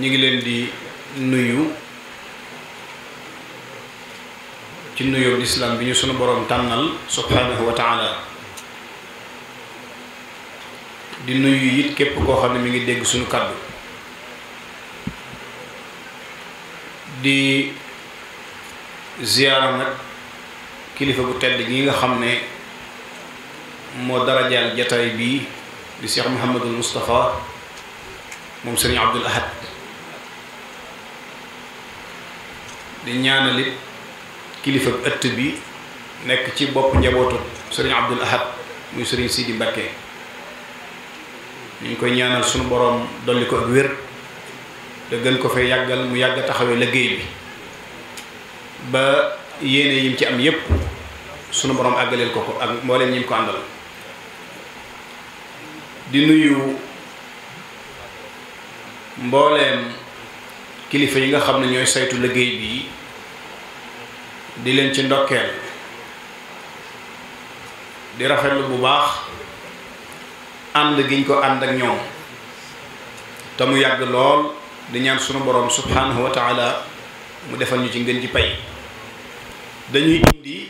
ñu ngi leen di nuyu ci nuyoo lislaam bi ñu sunu boroom tànnal subhanahu wa di nuyu it képp koo xam ne mi ngi dégg suñu kàddu di ziyaara nag kilifa bu tedd gi nga xam ne moo darajaal jataay bii di Cheikh Mouhamadul Moustapha moom Serigne Abdoul Ahad di ñaanalit kilifa ëtt bi nekk ci bopp njabootu sëriñ abdul ahad muy sëriñ sidi mbakke ñu koy ñaanal sunu borom dolli ko ak wér te gën ko fay yàggal mu yàgg taxawee liggéey bi ba yéene yim ci am yépp sunu borom àggaleel ko ko ak mbooleem ñim ko àndal di nuyu mbooleem kilifa yi nga xam ne ñooy saytu liggéey bi di leen ci ndokkeel di rafet rafetlu bu baax ànd giñ ko ànd ak ñoom te mu yàgg lool di ñaan sunu boroom subhanahu wa mu defal ñu ci ngën ci pay dañuy indi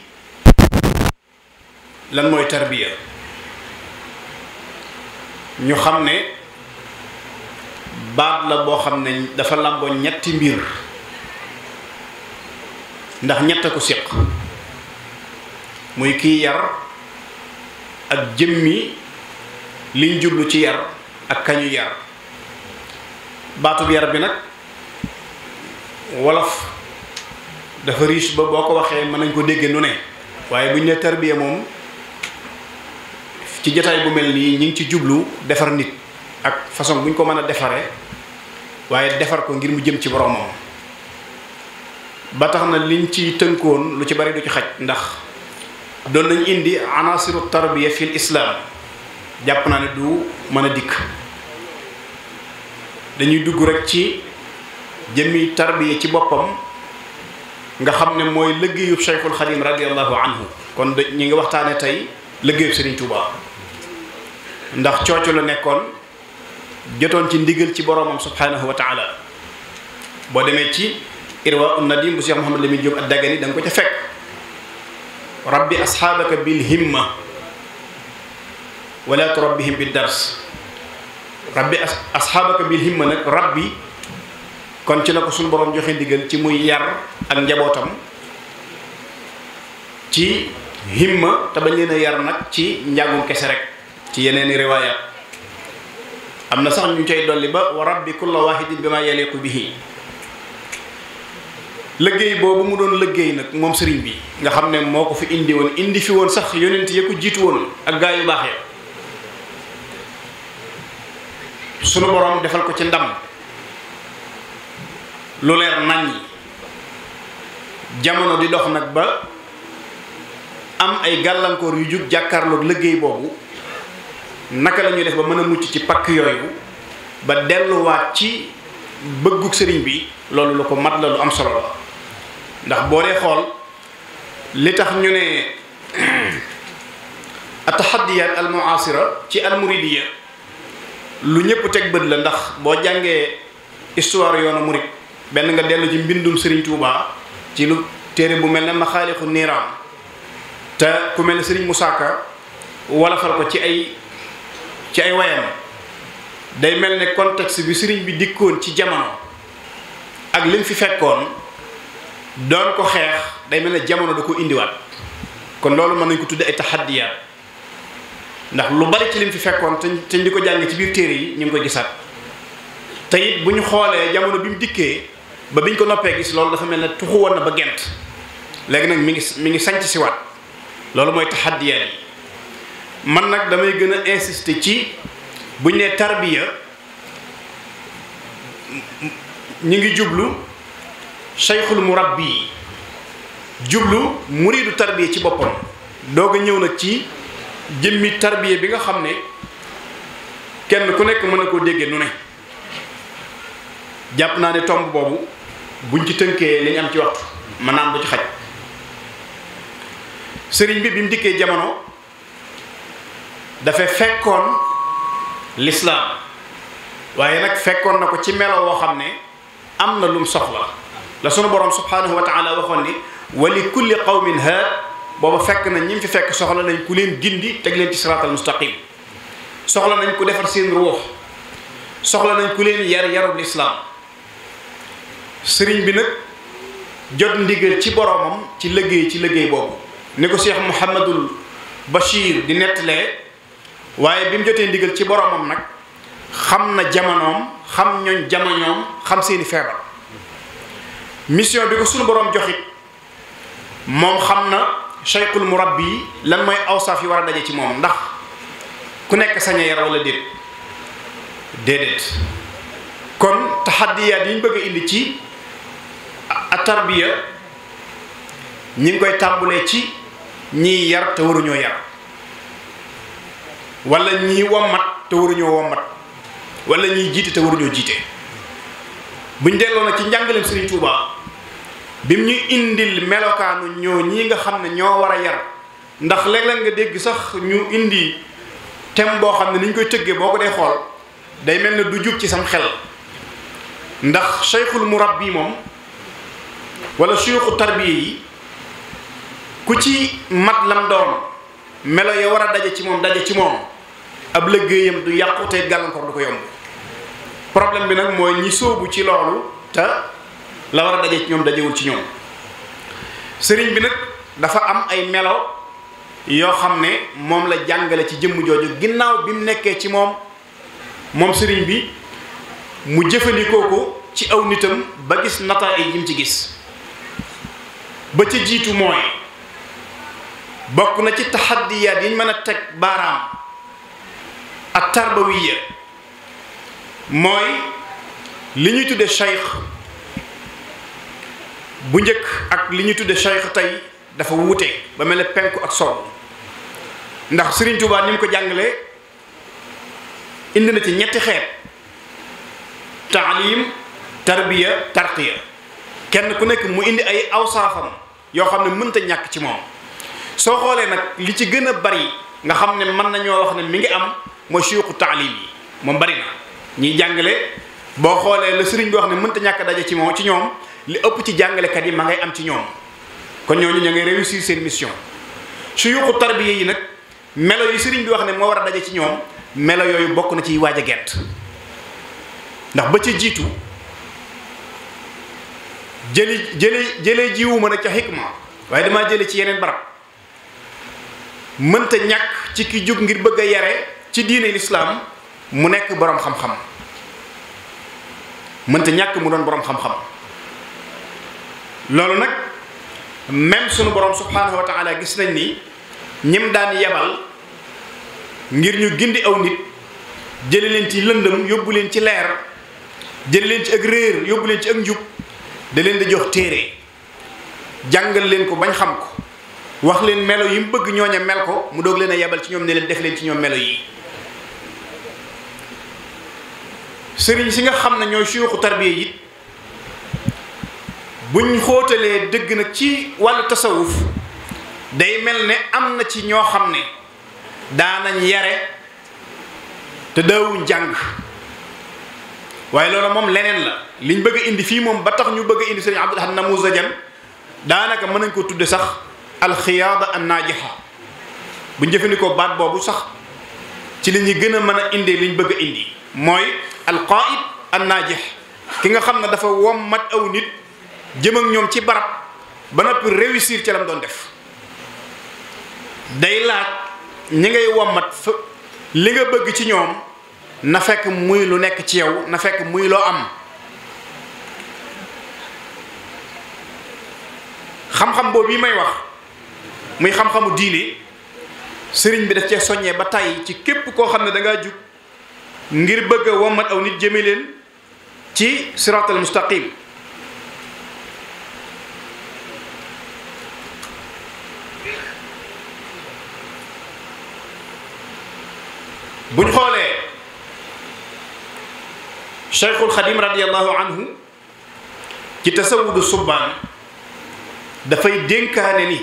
lan mooy tarbiya ñu xam ne baat la boo xam ne dafa làmboo ñetti mbir ndax ñett ko siq muy ki yar ak jëmmi liñ jublu ci yar ak kañu yar baatub yar bi nag wolof dafa riche ba boo ko waxee nañ ko dégg nu ne waaye buñ ne tarbiya moom ci jotaay bu mel ñi ci jublu defar nit ak façon buñ ko mën a defare waaye defar ko ngir mu jëm ci boromam batax tax na liñ ci tënkoon lu ci bari du ci xaj ndax doon nañ indi anasiru tarbiya fil islaam jàpp naa ne du mën a dikk dañuy dugg rek ci jëmmi tarbiya ci boppam nga xam ne mooy liggéeyub Cheikhul Xadim radiallahu anhu kon da ñu ngi waxtaane tey liggéeyub Serigne Touba ndax cooco la nekkoon jotoon ci ndigal ci boromam subhanahu wa boo demee ci irwa un nadim bu cheikh mohammed lamine diop ad dagani dang ko ca fek rabbi ashabaka bil himma wala turabbihim bid dars rabbi ashabaka bil himma nak rabbi kon ci la sun borom joxe ndigal ci muy yar ak njabotam ci himma ta bañ leena yar nak ci njagum kess rek ci yeneeni riwaya amna sax ñu cey doli ba wa rabbi kullu wahidin bima yaliqu bihi liggey bobu mu doon liggey nak mom serigne bi nga xamne moko fi indi won indi fi won sax yonent ya ko jitu won ak gaay yu baxé ya. sunu borom defal ko ci ndam lu leer nañ jamono di dox nak ba am ay galankor yu juk jakarlo liggey bobu naka lañu def ba meuna mucc ci pakk yooyu ba wat ci beuguk serigne bi lolou lako mat la lu am solo ndax boo dee xool li tax ñu ne atahadiyat al muasira ci al muridiya lu ñëpp teg bët la ndax boo jàngee histoire yoonu murid benn nga dellu ci mbindum Serigne Touba ci lu téere bu mel ne maxaalixu niiraam te ku mel ne Serigne musaka wala fal ko ci ay ci ay wayam day mel ne contexte bi Serigne bi dikkoon ci jamono ak lim fi fekkoon doon ko xeex day mel ne jamono da ko indiwaat kon loolu mën nañ ko Nah, ay taxaddiyaat ndax lu bari ci lim fi fekkoon te te di ko jàng ci biir téere yi ñu ngi ko gisaat te it bu jamono bi mu dikkee ba biñ ko noppee gis loolu dafa mel tuxu woon na ba gent léegi nag mi ngi mi ngi sanc si waat loolu mooy taxaddiyaat yi man nag damay gën a insister ci buñ tarbiya ñi ngi jublu cheikhul murabbi jublu muridu tarbiya ci boppam doog a ñëw nag ci jëmmi tarbiya bi nga xam ne kenn ku nekk mën na koo déggee nu ne jàpp naa ne tomb boobu buñ ci tënkee li am ci waxtu mën naa am ci xaj sëriñ bi bi mu dikkee jamono dafa fekkoon lislaam waaye nag fekkoon na ko ci melo woo xam ne am na lum soxla la sunu borom subhanahu wa taala waxon ni wali kulli qawmin ha booba fekk na ñim fi fekk soxla nañ ku leen gindi teg leen ci siratal mustaqim soxla nañ ku defar seen ruh soxla nañ ku leen yar yarul islam serigne bi nak jot ndigal ci boromam ci liggey ci liggey bobu niko Cheikh Mouhamadul bashir di netlé waye bimu mu ndigal ci boromam nak xamna jamanom xam ñooñ jamanom xam seeni febar mission bi ko sunu borom joxit mom xamna shaykhul murabbi lan mooy awsaf yi wara dajé ci mom ndax ku nek yar wala dit dedet kon taxaddiyaat yi ñu bëgg indi ci atarbiya ñi ngi koy tàmbulee ci ñi yar te ñoo yar wala ñiy wommat te waruñoo wommat wala ñiy jiite te waruñoo jiite buñ delloo na ci njàngaleem Serigne Touba bim ñu indil melokaanu ñoo ñi nga xam ne ñoo war a yar ndax léeg-léeg nga dégg sax ñu indi tem boo xam ne niñ koy tëggee boo ko dee xool day mel ne du jub ci sam xel ndax cheikhul murabbi moom wala cheikhu tarbiya yi ku ci mat lam doon melo ya war a daje ci moom daje ci moom ab du yàqu te gàllankoor du ko yomb problème bi nag mooy ñi sóobu ci loolu te la war a daje ci ñoom dajewul ci ñoom sëriñ bi nag dafa am ay melo yoo xam ne moom la jàngale ci jëmm jooju ginnaaw bi mu nekkee ci moom moom sëriñ bi mu jëfandikoo ko ci aw nitam ba gis nataa yi mu ci gis ba ca jiitu mooy bokk na ci taxaddiyaat yi ñu mën a teg baaraam ak tarbawiya mooy li ñuy tudde cheikh bu njëkk ak li ñu tuddee cheikh tey dafa wuute ba mel ne penku ak soow ndax Serigne Touba ni mu ko jàngale indi na ci ñetti xeet taalim tarbiya tarqiya kenn ku nekk mu indi ay awsaafam yoo xam ne mënta ñàkk ci moom soo xoolee nag li ci gën a bari nga xam ne mën nañoo wax ne mi ngi am mooy suyuqu taalim yi moom bari na ñuy jàngale boo xoolee la sëriñ bi wax ne mënta ñàkk daje ci moom ci ñoom li ëpp ci kat yi ma ngay am ci ñoom kon ñooñu ña ngay réussir seen mission su yuqu tarbiya yi nag melo yi sëriñ bi wax ne moo war a daje ci ñoom melo yooyu bokk na ci waaj a gent ndax ba ci jiitu jëli jële jëlee jiwuma nag ca hikma waaye dama jële ci yeneen barab mënta ñàkk ci ki ngir bëgg a yare ci diine lislaam mu nekk borom xam-xam mënta ñàkk mu doon borom xam-xam loolu nag même sunu borom subhanahu gis nañ ni ñim daan yebal ngir ñu gindi aw nit jële leen ci lëndëm yóbbu leen ci leer jële leen ci ak réer yóbbu leen ci ak njub da leen di jox téere jàngal leen ko bañ xam ko wax leen melo yi mu bëgg ñooña mel ko mu doog leen a yebal ci ñoom ne leen def leen ci ñoom melo yi sëriñ si nga xam ne ñooy suyuxu tarbiya it buñ xóotalee dëgg nag ci wàllu tasawuf day mel ne am na ci ñoo xam ne daanañ yare te daawuñ jàng waaye loolu moom leneen la liñ bëgg indi fii moom ba tax ñu bëgg indi sëriñ Abdul Ahad Namuzajan daanaka mën nañ ko tudde sax alxiyaada an naajixa buñ jëfandikoo baat boobu sax ci li ñuy gën a mën a liñ bëgg indi mooy alqaid an naajix ki nga xam ne dafa mat aw nit jëm ak ñoom ci barab ba noppi réussir ci lam doon def day laaj ñi ngay wommat li nga bëgg ci ñoom na fekk muy lu nekk ci yow na fekk muy loo am xam-xam boobu yi may wax muy xam-xamu diine sëriñ bi daf cee soññee ba tàyyi ci képp koo xam ne da ngaa jug ngir bëgg womat aw nit jëme leen ci siratal mustaqim buñ xoolee cheikhul xadim radiallahu anhu ci tasawudu subbaan dafay dénkaane ni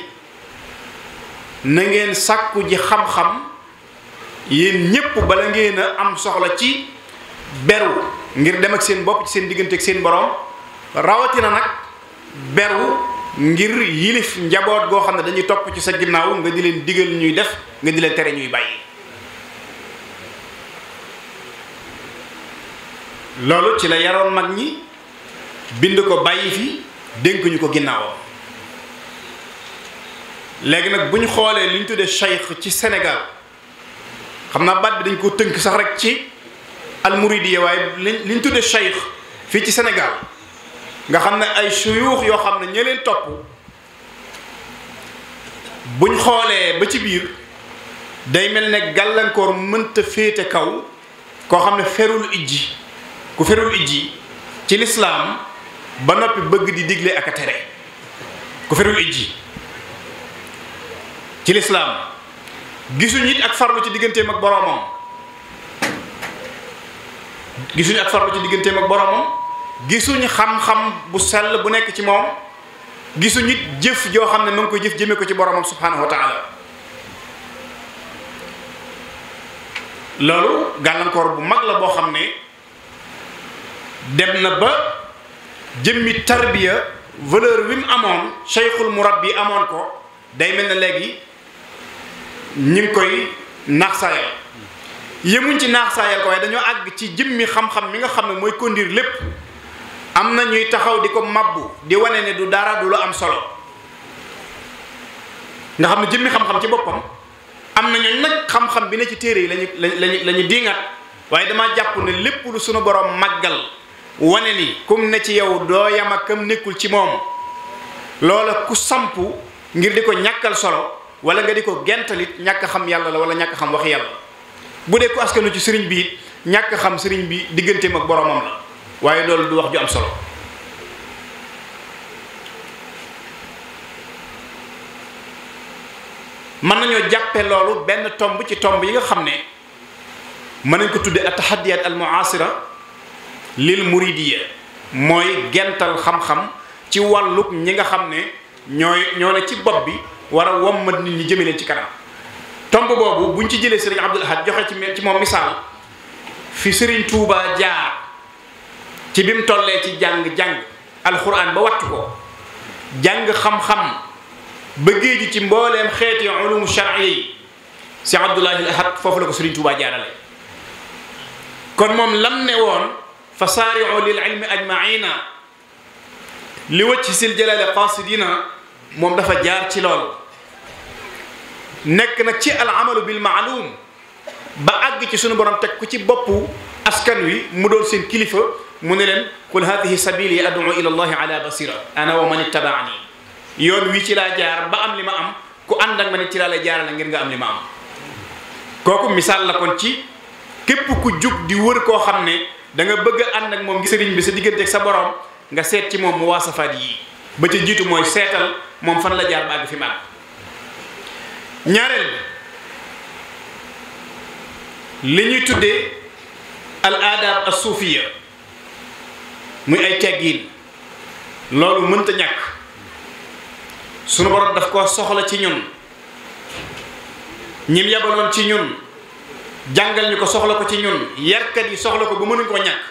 na ngeen sàkku ji xam-xam yéen ñépp bala ngeen a am soxla ci beru ngir dem ak seen bopp ci seen diggante seen borom rawatina nag beru ngir yilif njaboot goo xam ne dañuy topp ci sa ginnaaw nga di leen digal ñuy def nga di leen tere ñuy bàyyi loolu ci la yaroon mag ñi bind ko bàyyi fi dénkuñu ko ginnaawam léegi nag bu ñu xoolee li ñu tuddee cheikh ci senegal xam naa baat bi dañ ko tënk sax rek ci almuridiya waaye li ñu tuddee cheikh fii ci senegal nga xam ne ay suyuux yoo xam ne ña leen topp buñ xoolee ba ci biir day mel ne gàllankoor mënta féete kaw koo xam ne ferul ijji ku ferul ijji ci l'islam ba nopi bëgg di digle ak téré ku ferul ijji ci l'islam gisu nit ak farlu ci digëntéem ak boromam gisuñ ak farlu ci digëntéem ak boromam ñu xam-xam bu sel bu nekk ci mom gisu nit jëf jo xamne koy jëf jëme ko ci boromam subhanahu wa taala bu mag la bo xamne dem na ba jëmmi tarbiya valeur wi mu amoon cheikhul murabbi amoon ko day mel na léegi ñi ngi koy naax saayal yemuñ ci naax saayal ko waaye dañoo àgg ci jëmmi xam-xam mi nga xam ne mooy conduire lépp am na ñuy taxaw di ko mabbu di wane ne du dara du la am solo nga xam ne jëmmi xam-xam ci boppam am na ñooñ nag xam-xam bi ne ci téere yi lañu lañu lañu diingat waaye dama jàpp ne lépp lu sunu borom màggal wane ni kum ne ci yow doo yama kam nekkul ci moom loola ku samp ngir di ko ñàkkal solo wala nga di ko gentalit ñàkk xam yàlla la wala ñàkk xam wax yàlla bu dee ku askanu ci sëriñ bi it ñàkk xam sëriñ bi digganteem ak boromam la waaye loolu du wax ju am solo man nañoo jàppe loolu benn tomb ci tomb yi nga xam ne mën nañ ko tudde at al muasira lil muridiyya moy gental xam-xam ci walu ñi nga xam ne ñooy ñoo ne ci bopp bi wara wam wommat nit ñi jëme leen ci kanam tomb bobu buñ ci jëlé serigne abdul ahad joxe ci ci mom misal fi serigne touba jaar ci bim tollé ci jang jang alquran ba wattu ko jang xam-xam ba géeju ci mbolem ulum shar'i si abdulahi al ahad la ko serigne touba jaarale kon mom lam ne won فصارعوا للعلم اجمعين لوجه سي الجلال قاصدين موم دا فا جار سي لول نكنا سي العمل بالمعلوم با اغ سي سونو بروم تك سي بوب اسكان وي مودول سين كليفه من لن هذه سبيلي ادعو الى الله على بصيره انا ومن اتبعني يون وي سي لا جار با ام لما ام كو اندك من تي لا جار لا غير ام لما ام كوكو مثال لا كون سي كيب كو جوك دي وور كو خامني da nga bëgg and ak mom gi sëriñ bi sa digënté ak sa borom nga sét ci mom mu waasafaat yi ba ci jitu moy sétal mom fan la jaar fi mag ñaarel li ñuy tuddé al adab as suufiya muy ay teggiin Suruh mënta ñak suñu borom daf ko soxla ci ñun ñim yabalon ci ñun jàngal ñu ko soxla ko ci ñun yarkat yi soxla ko ba mënuñ koo ñàkk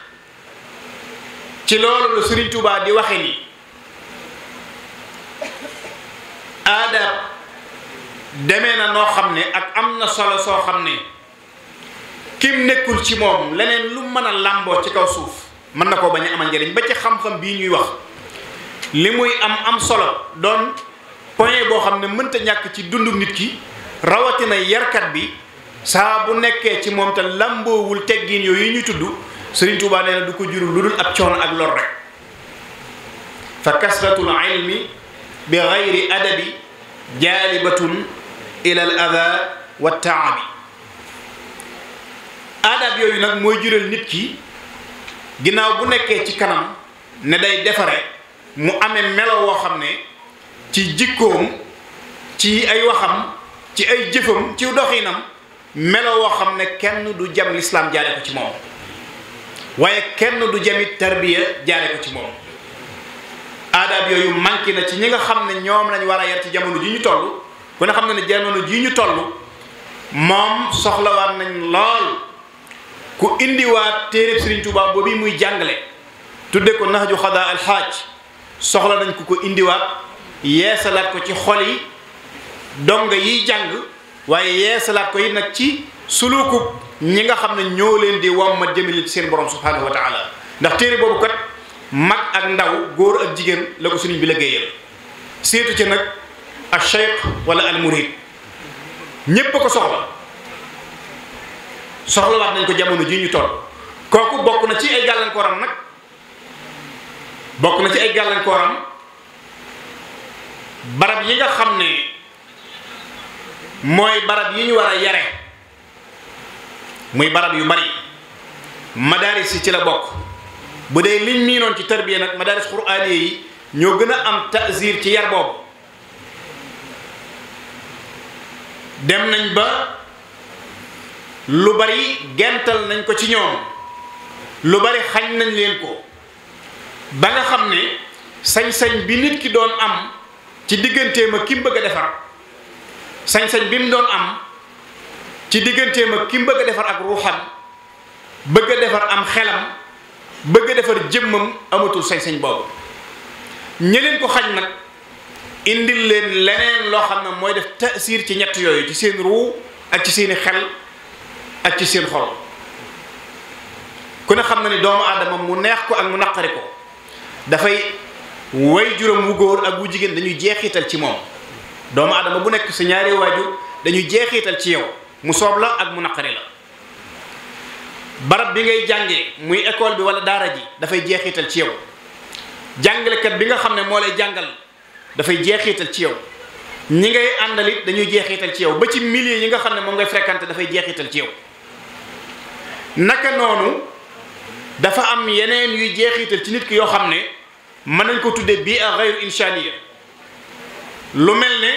ci loolu la Serigne Touba di waxe nii aadaab deme na noo xam ne ak am na solo soo xam ne kim nekkul ci moom leneen lu mën a làmboo ci kaw suuf mën na koo bañ a amal njëriñ ba ci xam-xam bii ñuy wax li muy am am solo doon point boo xam ne mënta ñàkk ci dundu nit ki rawatina yarkat bi saa bu nekkee ci moom te lamboowul teggin yooyu ñu tudd Sëriñ Tuubaa nee na du ko jurul lu dul ab coono ak lor rek fa kasratul ilmi bi gayri adabi jaalibatun ila al ada wa taabi adab yooyu nag mooy jural nit ki ginnaaw bu nekkee ci kanam ne day defare mu amee melo woo xam ne ci jikkoom ci ay waxam ci ay jëfam ci doxinam melo woo xam ne kenn du jam lislaam jaare ko ci moom waaye kenn du jamit tarbiya jaare ko ci moom aadaab yooyu manqué na ci ñi nga xam ne ñoom lañ war a yar ci jamono ji ñu toll ku ne xam ne ne jamono ji ñu toll moom soxlawaat nañ lool ku indiwaat téereb Sëriñ Tuubaa boobu muy jàngale tudde ko naxju xadaa alxaaj soxla nañ ku ko indiwaat yeesalaat ko ci xol yi donga yiy jàng waye yeesalaat ko yi nak ci suluku ñi nga xamne ñoo leen di ma jëmale ci seen borom subhanahu wa taala ndax téré bobu kat mag ak ndaw goor ak jigen la ko suñu bi liggéeyal seetu ci nak al shaykh wala al murid ñepp ko soxla wat nañ ko jamono ji ñu toll koku bokk na ci ay gàllankooram nak bokk na ci ay gàllankooram barab yi nga xamne mooy barab yi ñu war a yare muy barab yu bari madaaris yi ci la bokk bu dee liñ miinoon ci tarbiya nag madaaris quraani yi ñoo gën a am tasir ci yar boobu dem nañ ba lu bari gental nañ ko ci ñoom lu bari xañ nañ leen ko ba nga xam ne sañ-sañ bi nit ki doon am ci digganteem ma kim bëgg a defar sañsañ bi mu doon am ci digganteem ak ki mu bëgg a defar ak ruuxam bëgg a defar am xelam bëgg a defar jëmmam amatul sañ-sañ boobu ñi ko xañ nag indi leen leneen loo xam ne mooy def tasir ci ñett yooyu ci seen ruu ak ci seeni xel ak ci seen xol ku ne xam na ni doomu aadama mu neex ko ak mu naqari ko dafay way juróom wu góor ak wu jigéen dañuy jeexital ci moom doomu aadama bu nekk sa ñaari waajur dañuy jeexiital ci yow mu soob la ak mu naqari la barab bi ngay jàngee muy école bi wala daara ji dafay jeexiital ci yow jàngalekat bi nga xam ne moo lay jàngal dafay jeexiital ci yow ñi ngay àndal dañuy jeexiital ci yow ba ci milieu yi nga xam ne moom ngay fréquenté dafay jeexiital ci yow naka noonu dafa am yeneen yuy jeexiital ci nit ki yoo xam ne mën nañ ko tuddee bii a xayru inchaaniya lu mel ne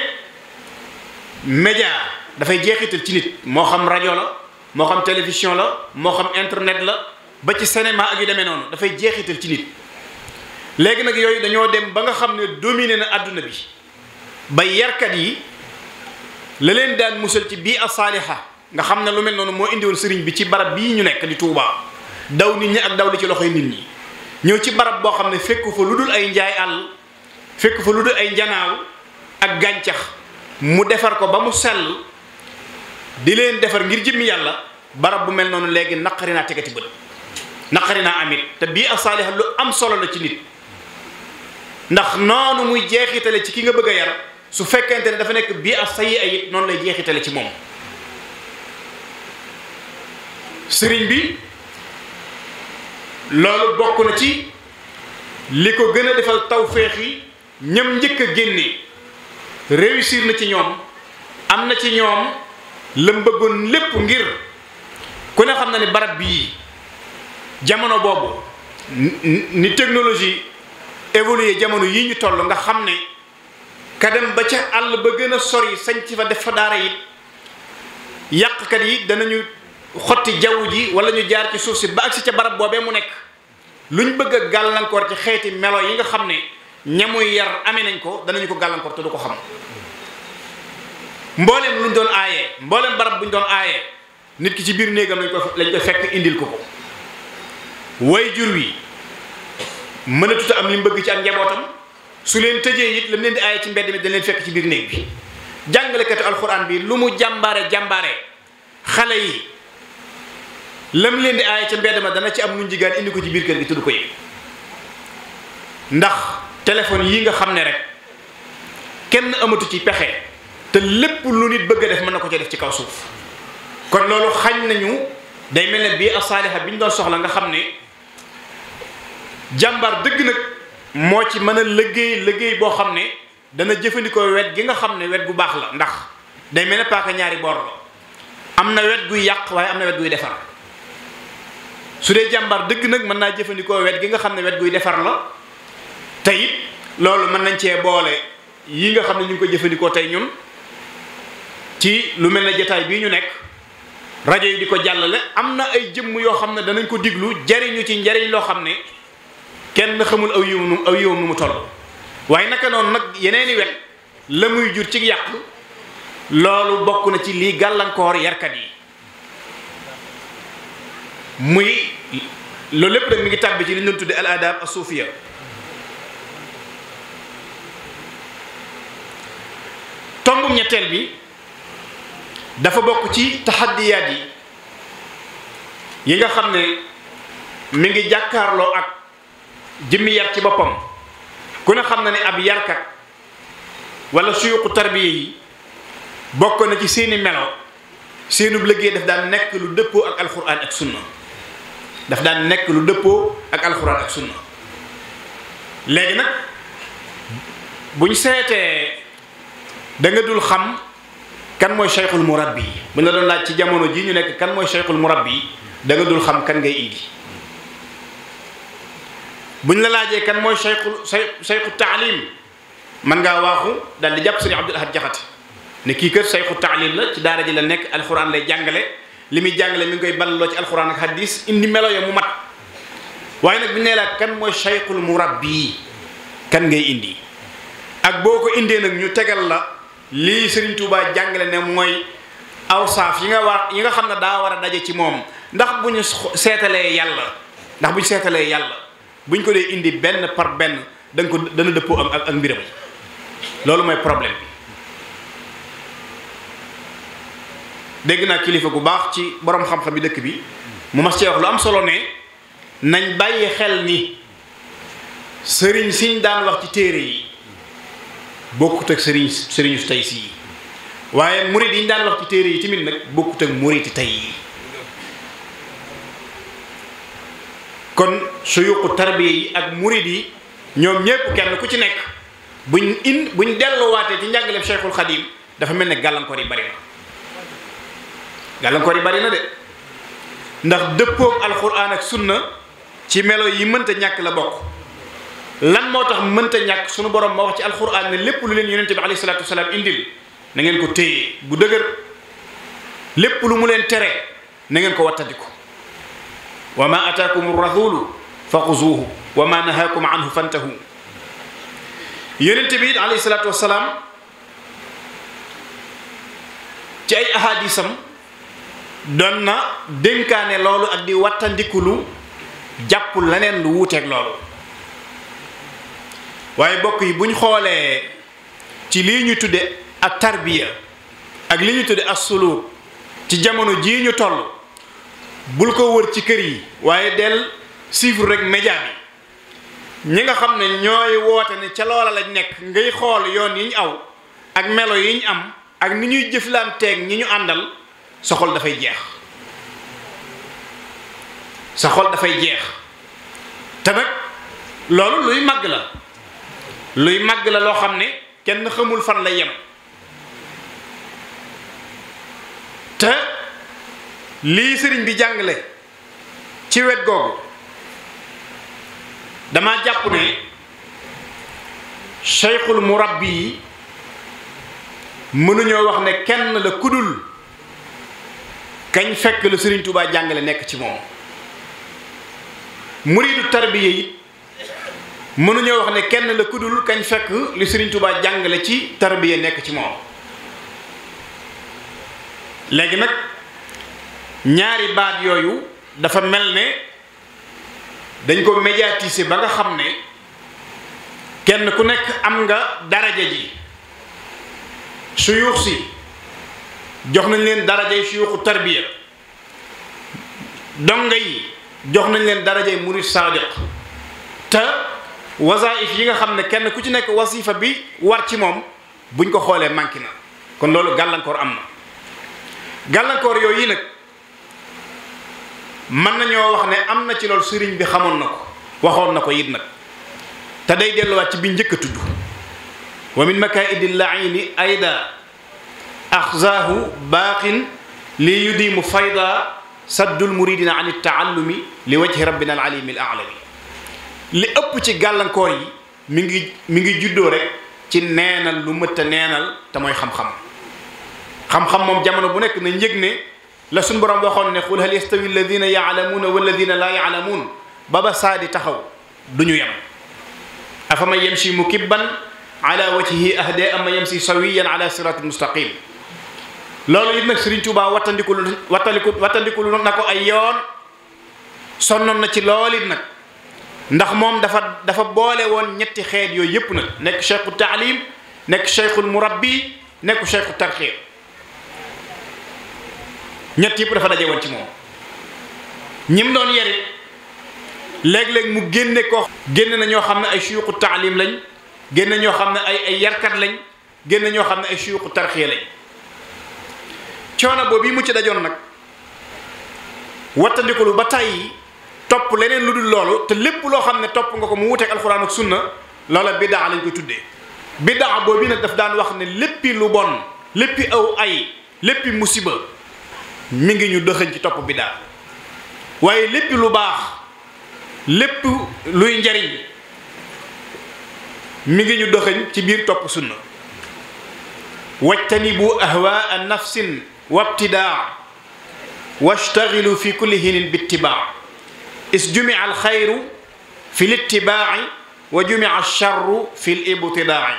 média dafay jeexital ci nit moo xam rajo la moo xam télévision la moo xam internet la ba ci cinéma ak yu demee noonu dafay jeexital ci nit léegi nag yooyu dañoo dem ba nga xam ne dominé na àdduna bi ba yarkat yi la leen daan musal ci bii asaaliha nga xam ne lu mel noonu moo indiwoon sëriñ bi ci barab bii ñu nekk di Touba daw nit ñi ak daw li ci loxoy nit ñi ñëw ci barab boo xam ne fekku fa lu dul ay njaay àll fekku fa lu dul ay njanaaw ak gàncax mu defar ko ba mu sell di leen defar ngir jëmmi yàlla barab bu mel noonu léegi naqari naa tegati bët naqari naa amit te bii ak saaliha lu am solo la ci nit ndax noonu muy jeexitale ci ki nga bëgg a yar su fekkente ne dafa nekk bii ak sayi ayit noonu lay jeexitale ci moom sëriñ bi loolu bokk na ci li ko gën a defal tawféex yi ñam njëkk a génne réussir na ci ñoom am na ci ñoom la bëggoon lépp ngir ku ne xam na ni barab bii jamono boobu ni technologie évolue jamono yi ñu toll nga xam ne ka dem ba ca àll ba gën a sori sañ ci fa def fa daara it yàqkat yi danañu xotti jaww ji wala ñu jaar ci suuf si ba agsi ca barab boobee mu nekk luñ bëgg a gàllankoor ci xeeti melo yi nga xam ne ñamuy yar amee nañ ko danañu ko gàllankoor te du ko xam mbooleem luñ doon aaye mbooleem barab buñ doon aaye nit ki ci biir néegam lañ ko lañ ko fekk indil ko ko way jur wi mën a tuta am li mbëgg ci am njabootam su leen tëjee it lam leen di aaye ci mbedd mi dañ leen fekk ci biir néeg bi jàngalekatu alxuraan bi lu mu jàmbaare jàmbaare xale yi lam leen di aaye ca mbedd ma dana ci am nuñ jigaan indi ko ci biir kër gi tudd ko yëg ndax téléphone yii nga xam ne rek kenn amatu ci pexe te lépp lu nit bëgg a def mën na ko ci def ci kaw suuf kon loolu xañ nañu day mel ne bii ak saaliha bi ñu doon soxla nga xam ne jàmbar dëgg nag moo ci mën a liggéey liggéey boo xam ne dana jëfandikoo wet gi nga xam ne wet gu baax la ndax day mel ne paaka ñaari boor am na wet guy yàq waaye am na wet guy defar su dee jàmbaar dëgg nag mën naa jëfandikoo wet gi nga xam ne wet guy defar la te it loolu mën nañ cee boole yi nga xam ne ñu ngi ko jëfandikoo tey ñun ci lu mel ne jataay bii ñu nekk rajo yi di ko jàllale am na ay jëmm yoo xam ne danañ ko diglu jariñu ci njariñ loo xam ne kenn xamul aw yiw aw yiwam nu mu toll waaye naka noonu nag yeneeni wet la muy jur ci yàq loolu bokk na ci lii gàllankoor yarkat yi muy loolu lépp rek mi ngi tàbbi ci li ñu doon tudde al adab as tombum ñetteel bi dafa bokk ci taxaddiyaat yi yi nga xam ne mu ngi jàkkaarloo ak jëmmi yar ci boppam ku ne xam na ne ab yarkat wala suyuqu tarbiya yi bokk na ci seeni melo seenub liggéey daf daan nekk lu dëppoo ak daf daan nekk lu dëppoo ak alxuraan ak sunna léegi nag buñ seetee da dul xam kan mooy cheikhul murabbi bu na doon laaj ci jamono ji ñu nekk kan mooy cheikhul murabbi yi danga dul xam kan ngay indi buñ la laajee kan mooy cheikhul cheikhu taalim man ngaa waaxu daal di jàpp sëriñ Abdul Ahad Jaxate kii kër cheikhu taalim la ci daara ji la nekk alxuraan lay jàngale li muy jàngale mi ngay koy ballaloo ci alxuraan ak hadis indi melo ya mu mat waaye nag bu ñu nee la kan mooy cheikhul murabbi kan ngay indi ak boo ko indee nag ñu tegal la lii sëriñ Touba jàngale ne mooy aw saaf yi nga war yi nga xam ne daa war a daje ci moom ndax bu ñu seetalee yàlla ndax bu ñu seetalee yàlla bu ñu ko dee indi benn par benn danga ko dana dëppoo ak ak mbiram loolu mooy problème bi. dégg naa kilifa bu baax ci boroom xam-xam bi dëkk bi mu mas cee wax lu am solo ne nañ bàyyi xel ni sëriñ siñ daan wax ci téere yi. bokkut ak sëriñ sëriñu tey sii waaye murit yi ñu daan wax ci téere yi tamit nag bokkut ak muriti tey yi kon suyuqu tarbiya yi ak murit yi ñoom ñépp kenn ku ci nekk buñ in buñ delluwaatee ci njàngaleem Cheikhul Khadim dafa mel ne gàllankoor yi bari na gàllankoor yi bari na de ndax dëppoog alxuraan ak sunna ci melo yi mënta ñàkk la bokk lan moo tax mënta ñàkk suñu borom moo ci alxuraan ne lépp lu leen yonente bi alayhi salaatu wasalaam indil na ngeen ko téye bu dëgër lépp lu mu leen tere na ngeen ko wattandiko wa ma ataakum rasulu fa xuzuuhu wa ma nahaakum anhu fantahu yonente bi it alayhi salaatu wasalaam ci ay ahadisam doon na dénkaane loolu ak di lu jàpp leneen lu wuuteeg loolu waaye bokk yi bu ñu xoolee ci lii ñu tudde ak tarbiya ak li ñu tudde ak suluk ci jamono jii ñu toll bul ko wër ci kër yi waaye del suivre rekk média bi ñi nga xam ne ñooy woote ne ca loola lañ nekk ngay xool yoon yi ñu aw ak melo yi ñu am ak ni ñuy jëflanteeg ñi ñu àndal sa xol dafay jeex sa xol dafay jeex te nag loolu luy màgg la luy màgg la loo xam ne kenn xamul fan la yem te lii sëriñ bi jàngale ci wet googu dama jàpp ne cheikhul murabbi yi mënuñoo wax ne kenn la kudul kañ fekk lu sëriñ Touba jàngale nekk ci moom muridu tarbiya it mënuñoo wax ne kenn la kudul kañ fekk li Serigne Touba jàngale ci tarbiya nekk ci moom léegi nag ñaari baat yooyu dafa mel ne dañ ko médiatiser ba nga xam ne kenn ku nekk am nga daraja ji suyuux si jox nañ leen darajay suyuuxu tarbiya donga yi jox nañ leen darajay murid sadiq te wazaif yi nga xamne kenn ku ci nek wasifa bi war ci mom buñ ko xolé manqué na kon lolu galankor amna galankor yoy yi nak man nañu wax ne amna ci lolu serign bi xamon nako waxon nako yit nak ta day delu wat ci bi njëkk tuddu wa min makaidil laini ayda axzaahu baqin li yudimu fayda saddul muridin an ta'allumi li wajhi rabbina al al alalami li ëpp ci gàllankoor yi mi ngi mi ngi juddoo rek ci neenal lu mëtt a neenal te mooy xam-xam xam-xam moom jamono bu nekk na njëg ne la sun borom waxoon ne xul hal yastawi alladina yalamun walladina laa yaalamuun ba ba saa taxaw du ñu yem afa man yamshi mukibban ala wajhihi ahda ama yamsi sawiyan ala siratin mustaqim loolu it nag Serigne Touba wattandiku lu wattandiku wattandiku lu na ay yoon sonnon na ci lool it nag ndax moom dafa dafa boole woon ñetti xeet yooyu yëpp nag nekk cheikhu taalim nekk cheikhul murabbi nekk cheikhu tarxiir ñett yëpp dafa daje woon ci moom ñim doon yarit léeg-léeg mu génne ko génn na ñoo xam ne ay suyuqu taalim lañ génn ñoo xam ne ay ay yarkat lañ génn ñoo xam ne ay suyuqu tarxiir lañ coono boobu yi mu ci dajoon nag wattandikulu ba tàyyi top leneen lu dul loolu te lépp loo xam ne topp nga ko mu wuteeg alquran ak sunna loola biddaa lañ ko tuddee biddaa boobu nag daf daan wax ne lépp lu bon lépp aw ay lépp musiba mi ngi ñu dëxëñ ci topp biddaa waaye lépp lu baax lépp luy njariñ mi ngi ñu dëxëñ ci biir topp sunna wajtani bu ahwa an nafsin wabtidaa washtagilu fi kulli hinin bittibaa جمع الخير في الاتباع وجمع الشر في الابتداع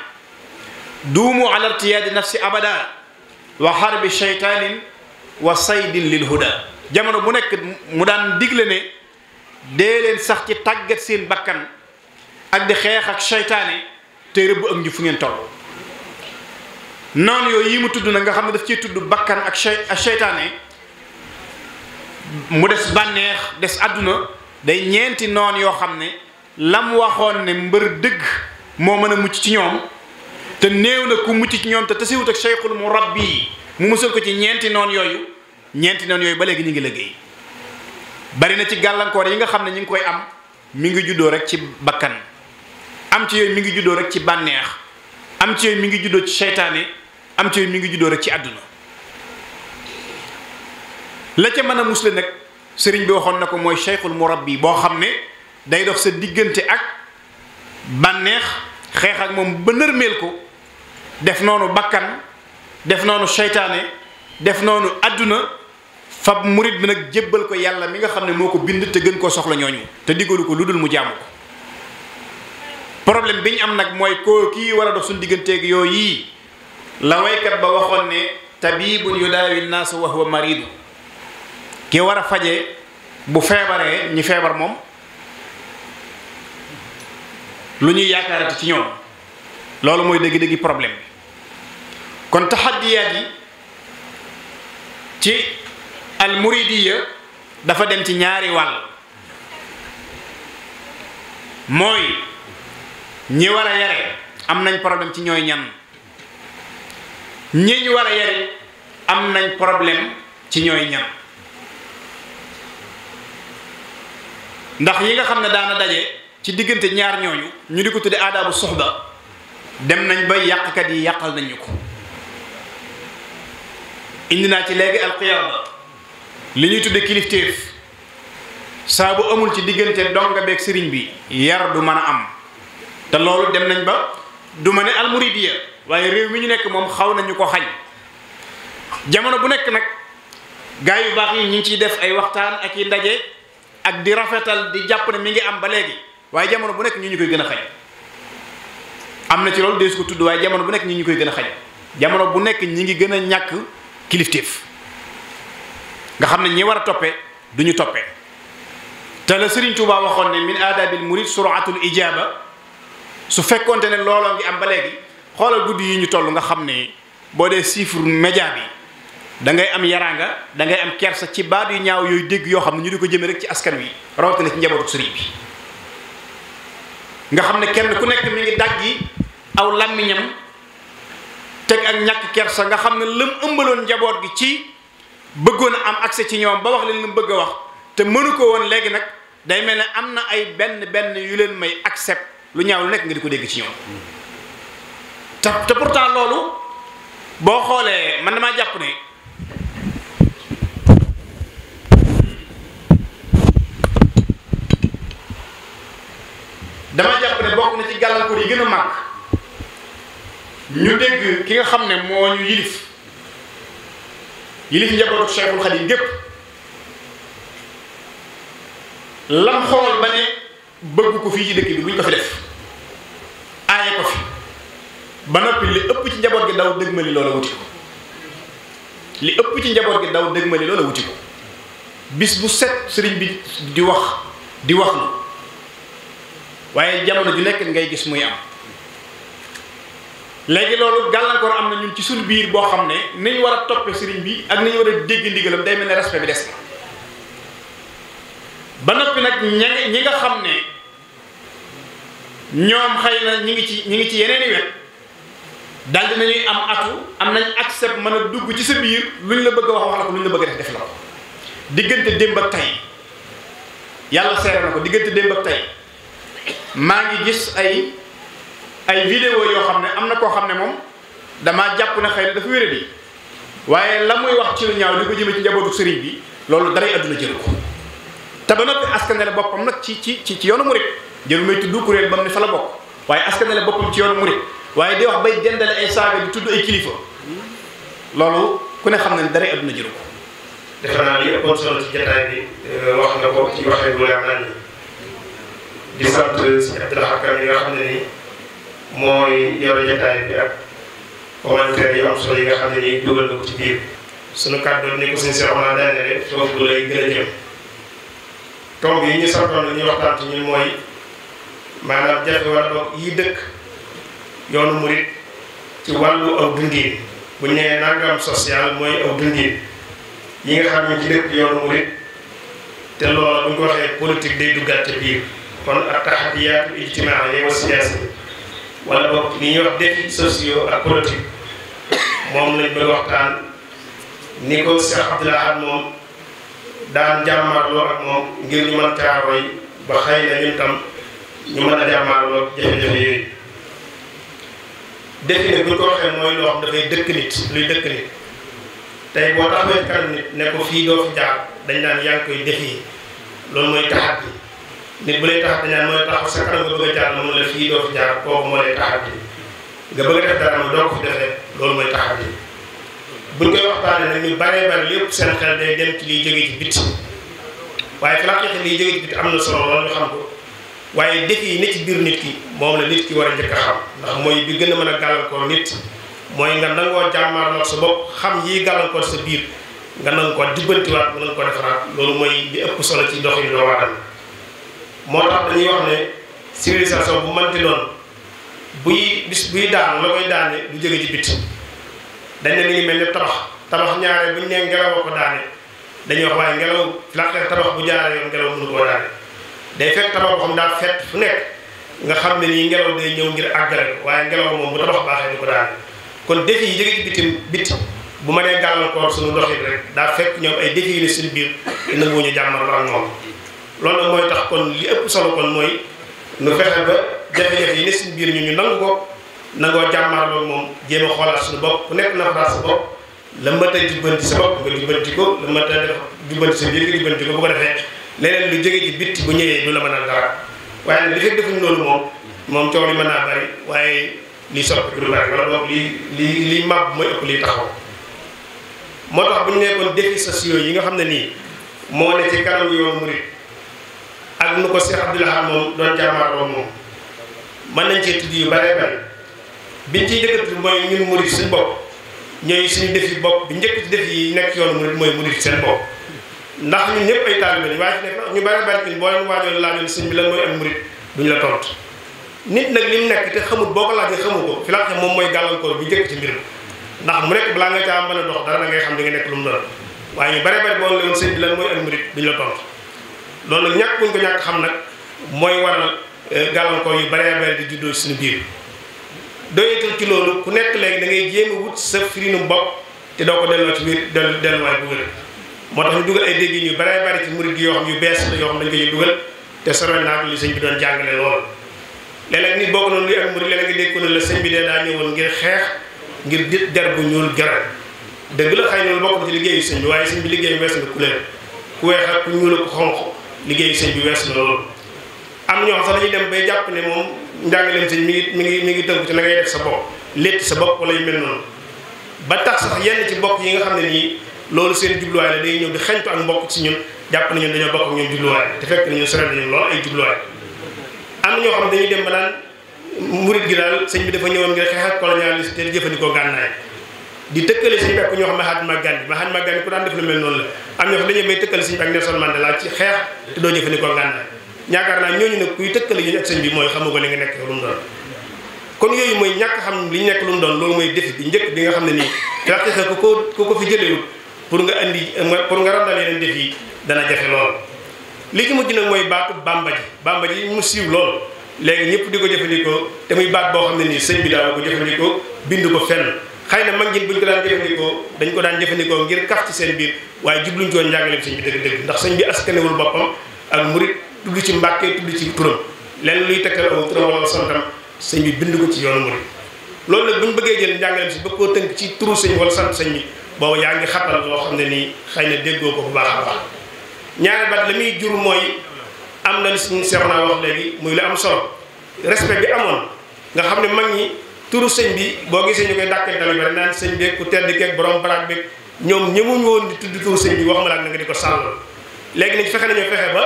دوموا على ارتياد النفس أبدا وحرب الشيطان وصيد للهدى jamono bu nekk mu daan digle ne dee leen sax ci tàggat seen bakkan ak di xeex ak seytaane te rëbb ak nji fu ngeen toll noonu yooyu yi mu tudd na nga xam ne daf ciy tudd bakkan ak seytaane mu des bànneex des àdduna day ñeenti noon yoo xam ne lam waxoon ne mbër dëgg moo mën a mucc ci ñoom te néew na ku mucc ci ñoom te tasiwut ak cheikhul mu rabbi yi mu musal ko ci ñeenti noon yooyu ñeenti noon yooyu ba léegi ñu ngi liggéey bari na ci gàllankoor yi nga xam ne ñu ngi koy am mi ngi juddoo rek ci bakkan am ci yooyu mi ngi juddoo rek ci bànneex am ci yooyu mi ngi juddoo ci seytaane am ci yooyu mi ngi juddoo rek ci àdduna la ca mën a musle nag sëriñ bi waxoon na ko mooy cheikhul murabbi boo xam ne day dox sa diggante ak bànneex xeex ak moom ba ko def noonu bakkan def noonu seytaane def noonu àdduna fab murit bi nag jébbal ko yàlla mi nga xam ne moo ko bind te gën koo soxla ñooñu te diggalu ko lu dul mu jàmm ko problème bi ñu am nag mooy koo kii war a dox suñu digganteeg yooyu la waykat ba waxoon ne tabibun yudaawi nnaasa wa huwa maridu ki war a faje bu feebaree ñi feebar moom lu ñuy yaakaarati ci ñoom loolu mooy dëgg-dëggi problème bi kon taxaddiyaat yi ci al muridiya dafa dem ci ñaari wàll mooy ñi war a yare am nañ problème ci ñooy ñan ñi ñu war a yare am nañ problème ci ñooy ñan ndax yi nga xam ne daana daje ci diggante ñaar ñooñu ñu di ko tudde aadaabu suxba dem nañ ba yàqkat yi yàqal nañ ñu ko indi naa ci léegi alqiyaada li ñuy tudde kilifteef saa bu amul ci diggante donga beeg siriñ bi yar du mën a am te loolu dem nañ ba du ma ne almuridiya waaye réew mi ñu nekk moom xaw nañu ko xañ jamono bu nekk nag gaa yu baax yi ñu ngi ciy def ay waxtaan ak yi ndaje ak di rafetal di jàpp ne mi ngi am ba léegi waaye jamono bu nekk ñu ñu koy gën a xañ am na ci loolu dees ko tudd waaye jamono bu nekk ñi ngi koy gën a xañ jamono bu nekk ñi ngi gën a ñàkk kilifteef nga xam ne ñi war a toppee du ñu toppee te la Sëriñ Tuubaa waxoon ne min aadabil murid suraatul ijaaba su fekkonte ne looloo ngi am ba léegi xoolal guddi yi ñu toll nga xam ne boo dee chiffre média bi da ngay am yaraanga da ngay am kersa ci baat yu ñaaw yooyu dégg yoo xam ne ñu di ko jëme rek ci askan wi rawatina ci njabootu sëriñ bi nga xam ne kenn ku nekk mi ngi daggi aw làmmiñam teg ak ñàkk kersa nga xam ne lam ëmbaloon njaboot gi ci bëggoon a am accès ci ñoom ba wax leen bëgg a wax te mënu ko woon léegi nag day mel ne am na ay benn benn yu leen may accept lu ñaaw lu nekk nga di ko dégg ci ñoom hmm. te pourtant loolu boo xoolee man damaa jàpp ne bokk ci gàllankoor yi gën a ñu dégg ki nga xam ne moo ñu yilif yilif njabootu Cheikhul Khadim gépp lam xool ba ne bëgg ko fii ci dëkk bi buñ ko fi def aaye ko fi ba noppi li ëpp ci njaboot gi daw dëgmali loola wuti ko li ëpp ci njaboot gi daw dëgmali loola wuti ko bis bu set sëriñ bi di wax di wax na waye jamono ju nek ngay gis muy am legi loolu galankor amna ñun ci sun biir bo xamne niñ wara topé war sëriñ bi ak niñ wara dégg ndigalam day melni respect bi dess ba noppi nak ñi nga xamne ñom xeyna ñi ngi ci ñi ngi ci yeneen i dal daal am atu am nañ accept mëna dugg ci sa biir luñ la bëgg wax wax la ko luñ la bëgg def def la ko diggante ak tay yalla seere na ko ak tay maa ngi gis ay ay vidéo yoo xam ne am na koo xam ne moom damaa jàpp ne xëy na dafa wéradi waaye la muy wax ci lu ñaaw li ko jëme ci njabootu sëriñ bi loolu daray àdduna jël ko te ba noppi askanale boppam nag ci ci ci yoonu murit jël may tudd kuréel ba mu ne fa la bokk waaye askanale boppam ci yoonu murit waaye di wax bay dendale ay saaga di tudd ay kilifa loolu ku ne xam ne daray àdduna jël ko. defe naa li ëppoon solo ci jotaay bi euh, wax na ko ci wa di sant si Abdou Khakar yi nga xam ne nii mooy yore jotaay bi ak commentaire yu am solo yi nga xam ne nii dugal na ko ci biir sunu kàddu ni ko si waxoon naa daanele a jëm. tomb yi ñu santoon la ñuy waxtaan ci ñun mooy maanaam jafe wala boog yi dëkk yoonu murit ci wàllu aw dundin bu ñu nee nangam social mooy aw dundin yi nga xam ne ci dëkk yoonu murit te loolu ñu waxee politique day duggaat ca biir. kon ak taxadiyaatu ijtimaaiya wa siyaasa wala boog li ñuy wax défis sociaux ak politique moom lañ bëgg waxtaan ni ko Cheikh Abdoul Ahad moom daan jàmmaarloo ak moom ngir ñu mën caaroy ba xëy na ñun tam ñu mën a jàmmaarloo ak jafe-jafe yooyu défi nag bu ñu ko waxee mooy loo dafay dëkk nit luy dëkk nit tey boo taxawee kanam nit ne ko fii doo fi jaar dañ naan yaa ngi koy défi loolu mooy taxat bi ni bu lay tax dañ naan mooy taxaw sa kanam nga bëgg a jàll la fi doo fi jaar ko mo lay tax di nga bëgg tax dara mo do ko fi defee loolu mooy taxaw buñ koy waxtaanee nak ñu baree bari lepp seen xel day dem ci li jógee ci bit fi la xex li jógee ci bit amna solo lool ñu xam ko waye def yi ne ci bir nit ki mom la nit ki wara jëk xam ndax moy bi gëna mëna galal ko nit moy nga jamar nak sa bok xam yi galal ko sa bir nga nangu ko wat nga nangu ko defara lool moy bi ëpp solo ci doxin doomu aadama motax dañuy wax ne civilisation bu manti doon buy bis buy daan la koy daane du jóge ci bit dañ ne ngi melni tabax tabax ñaare buñ nee ngelaw ko daane dañuy wax way ngelaw laqee tabax bu jaare yon ngelaw mënu ko daane day fekk tabax xam da fett fu nek nga xam ne ni ngelaw day ñëw ngir àggale waaye ngelaw mom bu tabax baaxee ko daane kon défi yi jóge ci bitim bit bu ma galal ko sunu doxit rek da fek ñom ay défi yu ne suñu biir nanguwuñu jàmmal ak loolu nag mooy tax kon li ëpp solo kon mooy nu fexe ba jafe-jafe yi ne suñu biir ñu ñu nangu ko nangoo jàmmaar loolu moom jéem a xoolaat suñu bopp ku nekk na xoolaat sa bopp la mat a jubbanti sa bopp nga jubbanti ko la mat a def jubbanti sa biir nga jubbanti ko bu ko defee leneen lu bu ñëwee du la mën a dara waaye li fekk defuñu loolu moom moom coow li mën naa waaye liy soppi du bari lii lii lii màbb mooy ëpp liy taxaw moo tax bu ñu nekkoon défis sociaux yi nga xam ne nii moo ne ci kanam yoon murit ak nu ko Cheikh Abdoul Ahad moom doon jàmmaaroo moom mën nañ cee tudd yu bare bare biñ ciy njëkkati mooy ñun murid suñu bopp ñooy suñu def bopp bi njëkk ci def yi nekk yoonu murid mooy murid seen bopp ndax ñun ñëpp ay taalibe lañ waaye nekk ñu bare bare ñun boo leen waajoon laa leen sëñ bi li mu nekk te xamut boo ko laajee xamu ko fi la moom mooy gàllankoor bi njëkk ci mbir ndax mu nekk balaa nga caa mën a dox dara da ngay xam li nga nekk lu mu doon waaye ñu bare bare boo leen sëñ bi lan mooy am murid duñu la tontu loolu ñàkk buñ ko ñàkk xam nag mooy a eh, gàllankoor yu baree bare di juddoo ci suñu biir doyeetul ci loolu ku nekk léegi da ngay jéem a wut sa firinu bopp te doo ko delloo ci biir dellu delluwaay ñu dugal ay dégg yu bees la yoo te sore naa ko li sëñ bi doon jàngale loolu boo ko noonu luy ak murid la sëñ bi dee daa ngir xeex ngir dit der bu ñuul garab dëgg la xëy na loolu bokk na ci liggéeyu bi waaye sëñ bi liggéey wees nga couleur ku weex ak ku ñuul ak xonq liggéeyu sëñ bi weesu loolu am ñoo xam sax dañuy dem bay jàpp moom njàngaleem sëñ mi ngi mi ngi mi ci na ngay sa bopp létt sa bopp wala yu mel noonu ba tax sax yenn ci bokk yi nga xam ne nii loolu seen jubluwaay la day ñëw di xentu mbokk ci ñun jàpp ne ñun bokk ak ñoom jubluwaay te fekk na ñun sore nañu lool ay ñoo xam dañuy dem ba naan murit gi daal sëñ bi dafa ñëwoon ngir xeex ak colonialiste te jëfandikoo gànnaay di tekkal seigne bekk ñu ñuy wax Mahatma Gandhi Mahatma Gandhi ku daan def lu mel non la am ñu dañu may tekkal seigne suñu Nelson Mandela ci xex te jëfëni ko ngànnaay ñaakar na ñooñu nak kuy tekkal ñu ak seigne bi moy xamugo li nga nekk lu mu kon yoyu moy ñak xam li ñu nekk lu ndon lool moy def bi bi nga ni ko ko ko fi lu pour nga andi pour nga randal yeneen def yi dana jafe lool li ci mujj nak moy baatu bamba ji bamba ji mu siiw lool ñepp diko di ko jëfandikoo te muy baat bo xam ni seigne bi ko ko bindu ko fenn xëy na mag ñi buñ ko daan jëfandikoo dañ ko daan jëfandikoo ngir kaf ci seen biir waaye jubluñ coon njàngaleem sëñ bi dëgg-dëgg ndax sëñ bi askanewul boppam ak murit tudd ci mbàkkee tudd ci turam lenn luy tekkal aw turam wala santam sëñ bi bind ko ci yoon murit loolu nag buñ bëggee jël njàngaleem si bëgg koo tënk ci turu sëñ wala sant sëñ bi boobu yaa ngi xatal loo xam ne nii xëy na déggoo ko bu baax a baax ñaari bat la muy jur mooy am na li suñu seex naa wax léegi muy am solo respect bi amoon turu sëñ bi boo gisee ñu koy dàkkantale bi rek naan sëñ beeg ku tedd keeg borom baraat beeg ñoom ñëmuñu woon di tudd turu sëñ bi waxuma laak na nga di ko sàllal léegi nañ fexe nañoo fexe ba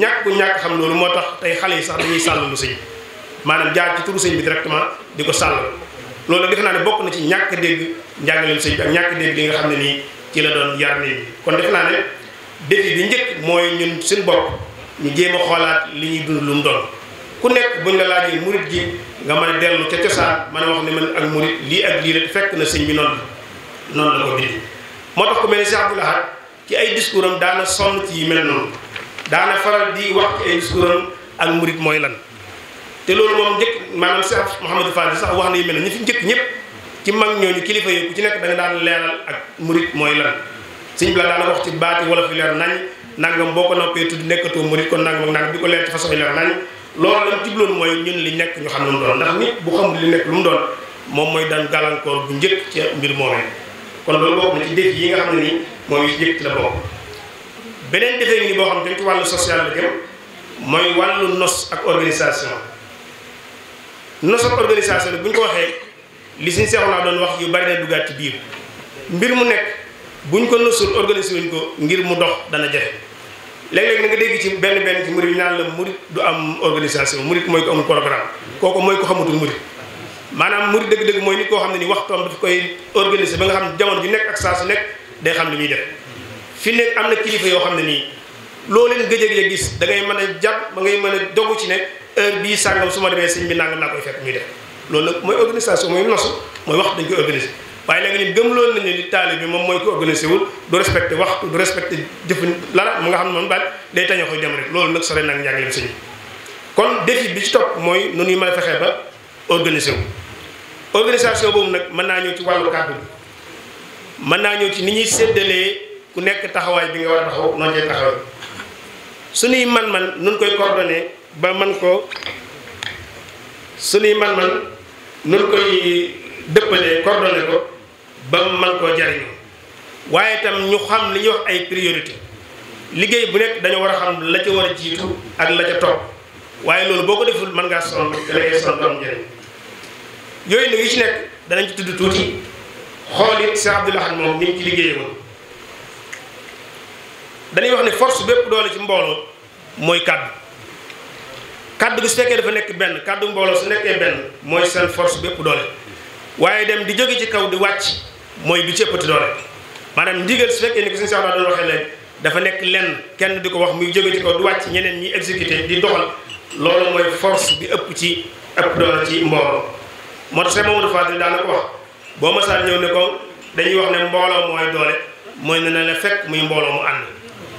ñàkk ku ñàkk xam loolu moo tax tey xale yi sax dañuy sàll lu sëñ maanaam jaar ci turu sëñ bi directement di ko sàllal loolu defe naa ne bokk na ci ñàkk dégg njàngaleem sëñ bi ak ñàkk dégg li nga xam ne nii ci la doon yar nii kon defe naa ne défi bi njëkk mooy ñun suñu bopp ñu jéem a xoolaat li ñuy dund lu mu doon ku nekk buñ la laajee murit gi nga mën a dellu ca cosaan mën a wax ne man ak murit lii ak lii rek fekk na sëñ bi noonu noonu la ko bind moo tax ku mel ne Cheikh Abdoul Ahad ci ay discours daana sonn ci yi mel noonu daana faral di wax ci ay discours am ak murit mooy lan te loolu moom njëkk maanaam Cheikh Mouhamadou Fadil sax wax na yu mel ne ñu fi njëkk ñëpp ci mag ñooñu kilifa yi ku ci nekk da nga daan leeral ak murit mooy lan sëñ bi la daana wax ci baati wala fi leer nañ nangam boo ko noppee tudd nekkatoo murit kon nangam ak nangam di ko leer loolu lañ jubloon mooy ñun li nekk ñu xam lu mu doon ndax nit bu xamul li nekk lu mu doon moom mooy daan gàllankoor bu njëkk ci mbir moomee kon loolu bokk na ci défi yi nga xam ne nii mooy yu njëkk ci la bokk beneen défi ni boo xam ne ko wàllu social la jëm mooy wàllu nos ak organisation nos ak organisation bu ñu ko waxee li suñ seexu naa doon wax yu bari na duggaat ci biir mbir mu nekk buñ ko nosul organiser wuñ ko ngir mu dox dana jafe léeg-léeg na nga dégg ci benn benn ci murit naan la murit du am organisation murit mooy ko amul programme kooku mooy ko xamatul murit maanaam murit dëgg-dëgg mooy nit koo xam ne ni waxtoom daf koy organiser ba nga xam jamono ju nekk ak saa su nekk day xam li muy def fi nekk am na kilifa yoo xam ne nii loo leen gëjëg ya gis da ngay mën a jàpp ba ngay mën a dogu ci ne heure bii sàngam su ma demee sëñ bi nangam laa koy fekk ñuy def loolu nag mooy organisation mooy nosu mooy wax dañ koy organiser waaye léegi ñun gëm loolu nañu li taalibe bi moom mooy ko organisé wul du respecté waxtu du respecté jëfin lara mu nga xam ne moom baat day tañoo koy dem rek loolu nag sore nag njàngaleem sëñ kon défi bi ci topp mooy nu ñuy fexee ba organisé wu organisation boobu nag mën naa ñëw ci wàllu kàddu bi mën naa ñëw ci ni ñuy séddalee ku nekk taxawaay bi nga war a taxaw noonu cee taxaw man-man nun koy coordonné ba man ko suñuy man-man nun koy dëppalee coordonné ko ba man ko jariñu waye tam ñu xam li wax ay priorité liggéey bu nek dañu wara xam la ci wara jitu ak la ca top waye lolu boko deful man nga son la ngay son dom yoy ni ci ci tuddu tuti xolit Cheikh Abdoul Ahad ni ci dañuy wax ne force bépp doole ci mbolo moy kaddu kaddu su fekkee dafa nekk benn kaddu mbooloo su nekkee benn mooy seen force bépp doole waaye dem di jóge ci kaw di wàcc mooy bi ci ëppati doole maanaam ndigal su fekkee ni ko suñu sax doon waxee léegi dafa nekk lenn kenn di ko wax muy jóge ci kaw du wàcc ñeneen ñi exécuté di doxal loolu mooy force bi ëpp ci ëpp doole ci mbooloo moo tax Mamadou Fadil daa na ko wax boo masaan ñëw ne ko dañuy wax ne mbooloo mooy doole mooy ne na la fekk muy mbooloo mu ànd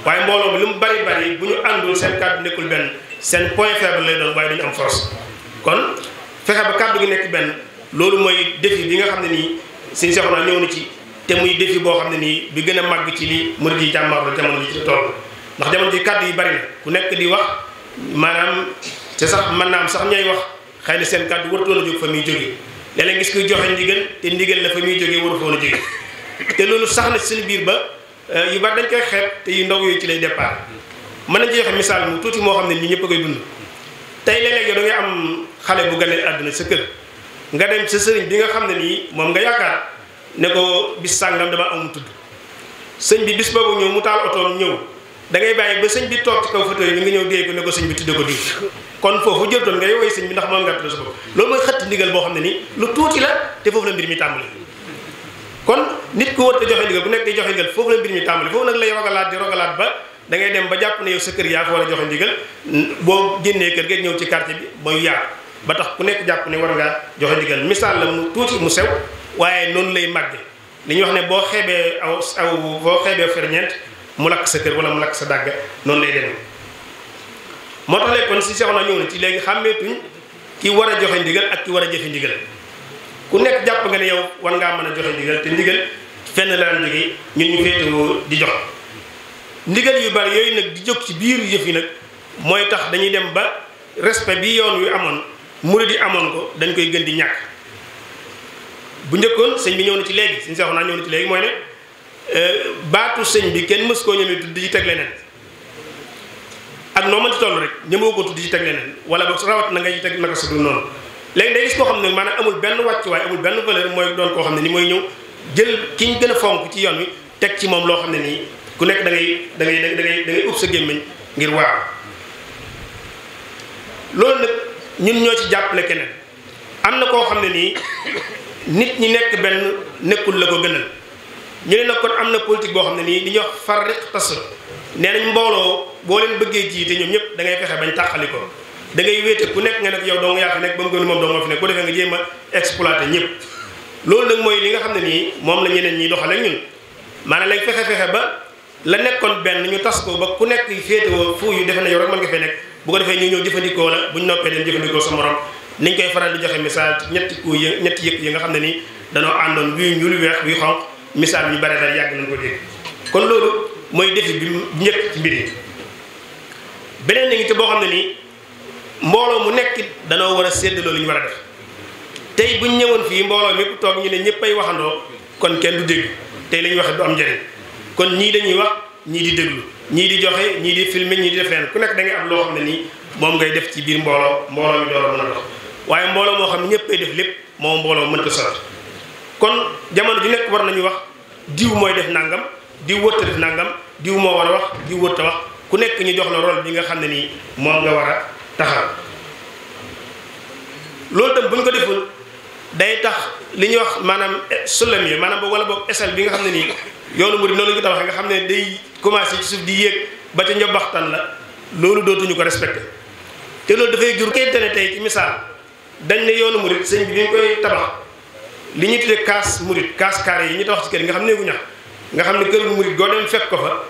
waaye mbooloo bi lu mu bari bari bu ñu àndul seen kàddu nekkul benn seen point faible lay doon waaye duñu am kon fexe ba gi nekk benn loolu mooy défi bi nga xam ne nii sëñ Cheikh Ouna ñëw na ci te muy défi boo xam ne nii bi gën a màgg ci li murid yi jàmmaarlu jamono ji ci toll ndax jamono ji kàddu yi bari na ku nekk di wax maanaam ca sax man naa am sax ñooy wax xëy na seen kàddu wartoon a jóg fa muy jóge léeg-léeg gis kuy joxe ndigal te ndigal la fa ñuy jógee waru foon a jóge te loolu sax na suñu biir ba euh, yu bari dañ koy xet te yu ndaw yooyu ci lay départ mën nañ ci joxe misaal mu tuuti moo xam ne ñi ñëpp a koy dund tey léeg-léeg yow am xale bu gane àdduna sa kër nga dem sa sëriñ bi nga xam ne nii moom nga yaakaar ne ko bis sàngam dama amul tudd sëñ bi bis boobu ñëw mu taal otoom ñëw da ngay bàyyi ba sëñ bi toog ci kaw fauteuil bi nga ñëw déey ko ne ko sëñ bi tudde ko diw kon foofu jërtoon ngay woy sëñ bi ndax moom nga tudd sa bopp loolu mooy xëtt ndigal boo xam ne nii lu tuuti la te foofu la mbir mi tàmbali kon nit ko war a joxe ndigal bu nekk di joxe ndigal foofu la mbir mi tàmbali foofu nag lay rogalaat di rogalaat dem ba jàpp ne yow sa kër yaa a joxe ndigal boo génnee kër ga ñëw ci quartier bi mooy yaatu ba tax ku nekk jàpp ne war nga joxe ndigal misaal la mu tuuti mu sew waaye noonu lay màgge li ñu wax ne boo xeebee aw aw boo xeebee ferñeent mu lakk sa kër wala mu lakk sa dàgg noonu lay demee moo tax kon si seexoon na ñëw ci léegi xàmmeetuñ ki war a joxe ndigal ak ki war a jëfe ndigal ku nekk jàpp nga ne yow war ngaa mën a joxe ndigal te ndigal fenn la ndigi jóge ñun ñu féetewoo di jox ndigal yu bari yooyu nag di jóg ci biir yëf yi nag mooy tax dañuy dem ba respect bi yoon yu amoon murid di amoon ko dañ koy gën di ñàkk bu njëkkoon sëñ bi ñëw na ci léegi sëñ naa ñëw na ci léegi mooy ne euh, baatu sëñ bi kenn mës koo ñëmee tudd ci teg leneen ak noo mën ci toll rek ñëmoo ko tudd ci teg leneen wala ba rawat na ngay teg naka su dul noonu léegi day gis koo xam ne maanaam amul benn wàccuwaay amul benn valeur mooy doon koo xam ne ni mooy ñëw jël ki ñu gën a fonk ci yoon wi teg ci moom loo xam ne nii ku nekk da dangay da ngay da ngay da sa gémmiñ ngir waaw loolu ñun ñoo ci jàppale keneen am na koo xam ne nii nit ñi nekk benn nekkul la ko gënal ñu ne nag kon am na politique boo xam ne nii li ñuy wax farriq tas nee nañ mbooloo boo leen bëggee jiite ñoom ñëpp dangay ngay fexe bañ tàqali ko da ngay wéete ku nekk nga nekk yow doo nga yaa fi nekk ba mu gën moom doo nga fi nekk bu defee nga jéem a exploité ñëpp loolu nag mooy li nga xam ne nii moom la ñeneen ñiy doxale ñun maanaam lañ fexe fexe ba la nekkoon benn ñu tas ko ba ku nekk féetewoo fu yu defe na yow rek mën nga bu ko defee ñu ñëw jëfandikoo la bu ñu noppee dañ jëfandikoo sa morom niñ koy faral di joxe misaal ci ñetti ku yi ñetti yëkk yi nga xam ne ni danoo àndoon bii ñuul weex bii xonq misaal ñu bare dal yàgg nañ ko kon loolu mooy defi bi njëkk ci mbir yi beneen na boo xam ne nii mbooloo mu nekk danoo war a sédd loolu ñu war a def tey buñ ñëwoon fii mbooloo mépp toog ñu ne ñëpp ay waxandoo kon kenn du dégg tey la ñuy wax du am njëriñ kon ñii dañuy wax ñii di déglu ñii di joxe ñii di filmer ñii di def leen ku nekk da ngay am loo xam ne nii moom ngay def ci biir mbooloo mbooloo mi door a dox waaye mbooloo moo xam ne ñëpp ay def lépp moom mbooloo mënta kon jamono ju nekk war nañu wax diw mooy def nangam diw wërta def nangam diw moo war a wax diw wërta wax ku nekk ñu jox la rôle bi nga xam ne nii nga war taxaw loolu tam bu ko deful day tax li ñuy wax maanaam eh, sulam yi maanaam wala boog esal bi nga xam ne nii yoonu murid noonu ñu ko nga xam day commencé ci suuf di yéeg ba ca njobaxtan la loolu dootuñu ko respecté te loolu dafay jur kente ne tey dañ ne yoonu murit sëñ bi bi ñu koy tabax li ñuy tuddee kaas murit kaas yi ñu tabax ci kër yi nga xam ne gu ñax nga xam ne kër gu murit goo dem fekk ko fa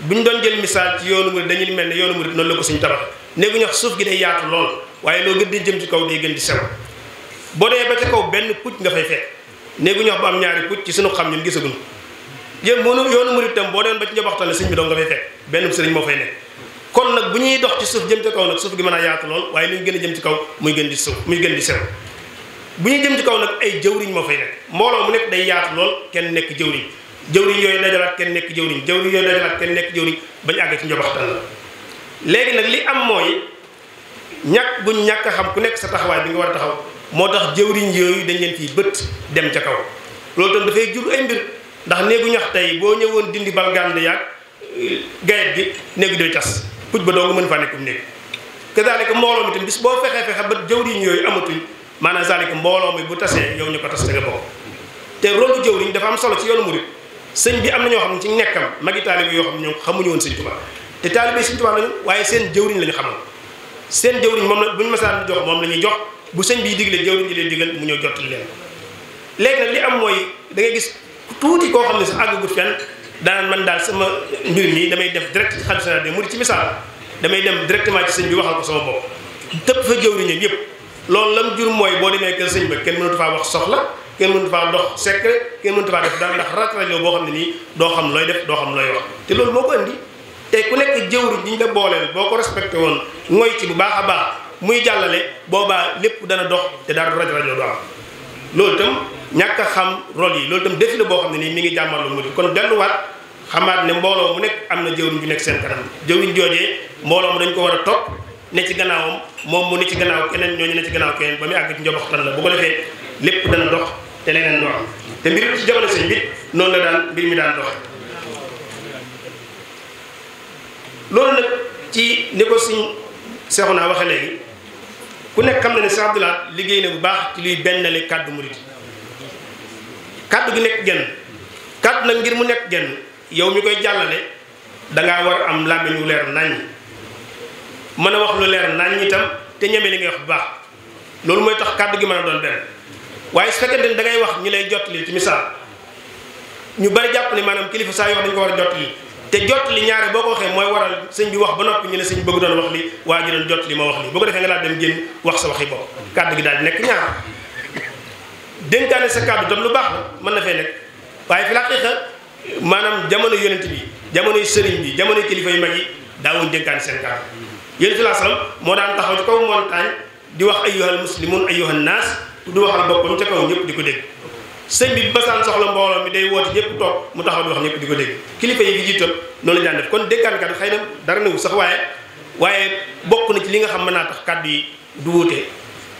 bu ñu doon jël misaal ci yoonu murit dañuy mel ne yoonu murit noonu la ko suñ tabax néegu ñax suuf gi day yaatu lool waaye loo gën di jëm ci kaw day gën di sew boo dee ba ca kaw benn pucc nga fay fekk néegu ñax am ñaari pucc ci suñu xam ñun gisaguñ yéen mënu yoonu murit tam boo demee ba ci njaboxtale sëñ bi doo nga fay fekk benn sëriñ moo fay nekk kon nag bu ñuy dox ci suuf jëm ci kaw nag suuf gi mën a yaatu lool waaye li ñu gën a jëm ci kaw muy gën di suuf gën di sew bu ñuy jëm ci kaw nag ay jëwriñ moo fay nekk mbooloo mu nekk day yaatu lool kenn nekk jëwriñ jëwriñ yooyu dajalaat kenn nekk jëwriñ jëwriñ yooyu dajalaat kenn nekk jëwriñ bañu àggee ci njaboxtale la léegi nag li am mooy ñàkk bu ñàkk a xam ku nekk sa taxawaay bi nga war a moo tax jëwriñ yooyu dañ leen fii bët dem ca kaw loolu tam dafay jur ay ndax néegu ñax tey boo ñëwoon dindi balgam di yàgg euh, gayet gi néegu day tas puj ba doo nga mën faa nekkum néeg kazaalika mbooloo mi tam bis boo fexee fexe ba jëwriñ yooyu amatuñ maanaam zaalika mbooloo mi bu tasee yow ñu ko tas da nga bokk te rolu jëwriñ dafa am solo ci yoonu murit sëñ bi am na ñoo xam ne ci nekkam magi taalibe yoo xam ne ñoom xamuñu woon sëñ Tuubaa te taalibe sëñ Tuubaa lañu waaye seen jëwriñ la xam xamoon seen jëwriñ moom la buñu masaan jox moom la ñuy jox bu sëñ bi digle jëwriñ ji leen digal mu ñëw jottali leen léegi li am mooy da ngay gis tuuti koo xam ne sax àggagut fenn danaan man daal sama mbir mi damay def direct ci xalifa général bi mu di ci misaal damay dem directement ci sëñ bi waxal ko sama bopp tëpp fa jëwriñam yëpp loolu lam jur mooy boo demee kër sëñ ba kenn mënatu faa wax soxla kenn mënatu faa dox secret kenn mënatu faa def daal ndax ratrajoo boo xam ne nii doo xam looy def doo xam looy wax te loolu moo ko indi te ku nekk jëwriñ ñi ñu la booleel boo ko respecté woon mooy ci bu baax a baax muy jàllale boobaa lépp dana dox te daal rajo rajo du ñàkk a xam rôle yi loolu itam défi na boo xam ne nii mi ngi jàmmarlu mu kon delluwaat xamaat ne mbooloo mu nekk am na jëwriñ ju nekk seen kanam jëwriñ joojee mbooloo mu dañ ko war a topp ne ci gannaawam moom mu ne ci gannaaw keneen ñooñu ne ci gannaaw keneen ba muy àgg ci njobaxtan la bu ko defee lépp dana dox te leneen du am te mbir ci la daan mbir mi daan dox loolu nag ci ni ko suñ seexu naa waxe léegi ku nekk xam na ne Seex Abdou Lahad liggéey na bu baax ci luy bennale kàddu murid kaddu gi nek jën kaddu na ngir mu nek jën yow mi koy jàllale da nga war am làmmiñ wu leer nañ mën a wax lu leer nañ itam te ñeme li ngay wax bu baax loolu mooy tax kaddu gi mën a doon benn waaye su fekkente da ngay wax ñu lay ci misaal ñu bari jàpp ni maanaam kilifa saa yoo dañ ko war a te jot li ñaare boo ko waral sëñ bi wax ba noppi ñu ne sëñ bëgg doon wax li waa ji doon jot li ma wax li ko nga daal dem génn wax sa waxi bopp kaddu gi daal nekk ñaar dénkaane sa kàddu tam lu baax la mën na fee nekk waaye fi laqiqa maanaam jamono yonent bi jamonoy sëriñ bi jamono kilifa yu mag yi daawuñ dénkaane seen kàddu yonent bi salaam moo daan taxaw ci kaw montagne di wax ayyuhal muslimun ayyuhal naas du waxal boppam ca kaw ñëpp ko dégg sëñ bi basaan soxla mbooloo mi day woote ñëpp toog mu taxaw di wax ñëpp di ko dégg kilifa yi fi jiital noonu la daan def kon dénkaan xay na dara newu sax waaye waaye bokk na ci li nga xam mën naa tax kàddu yi du wuute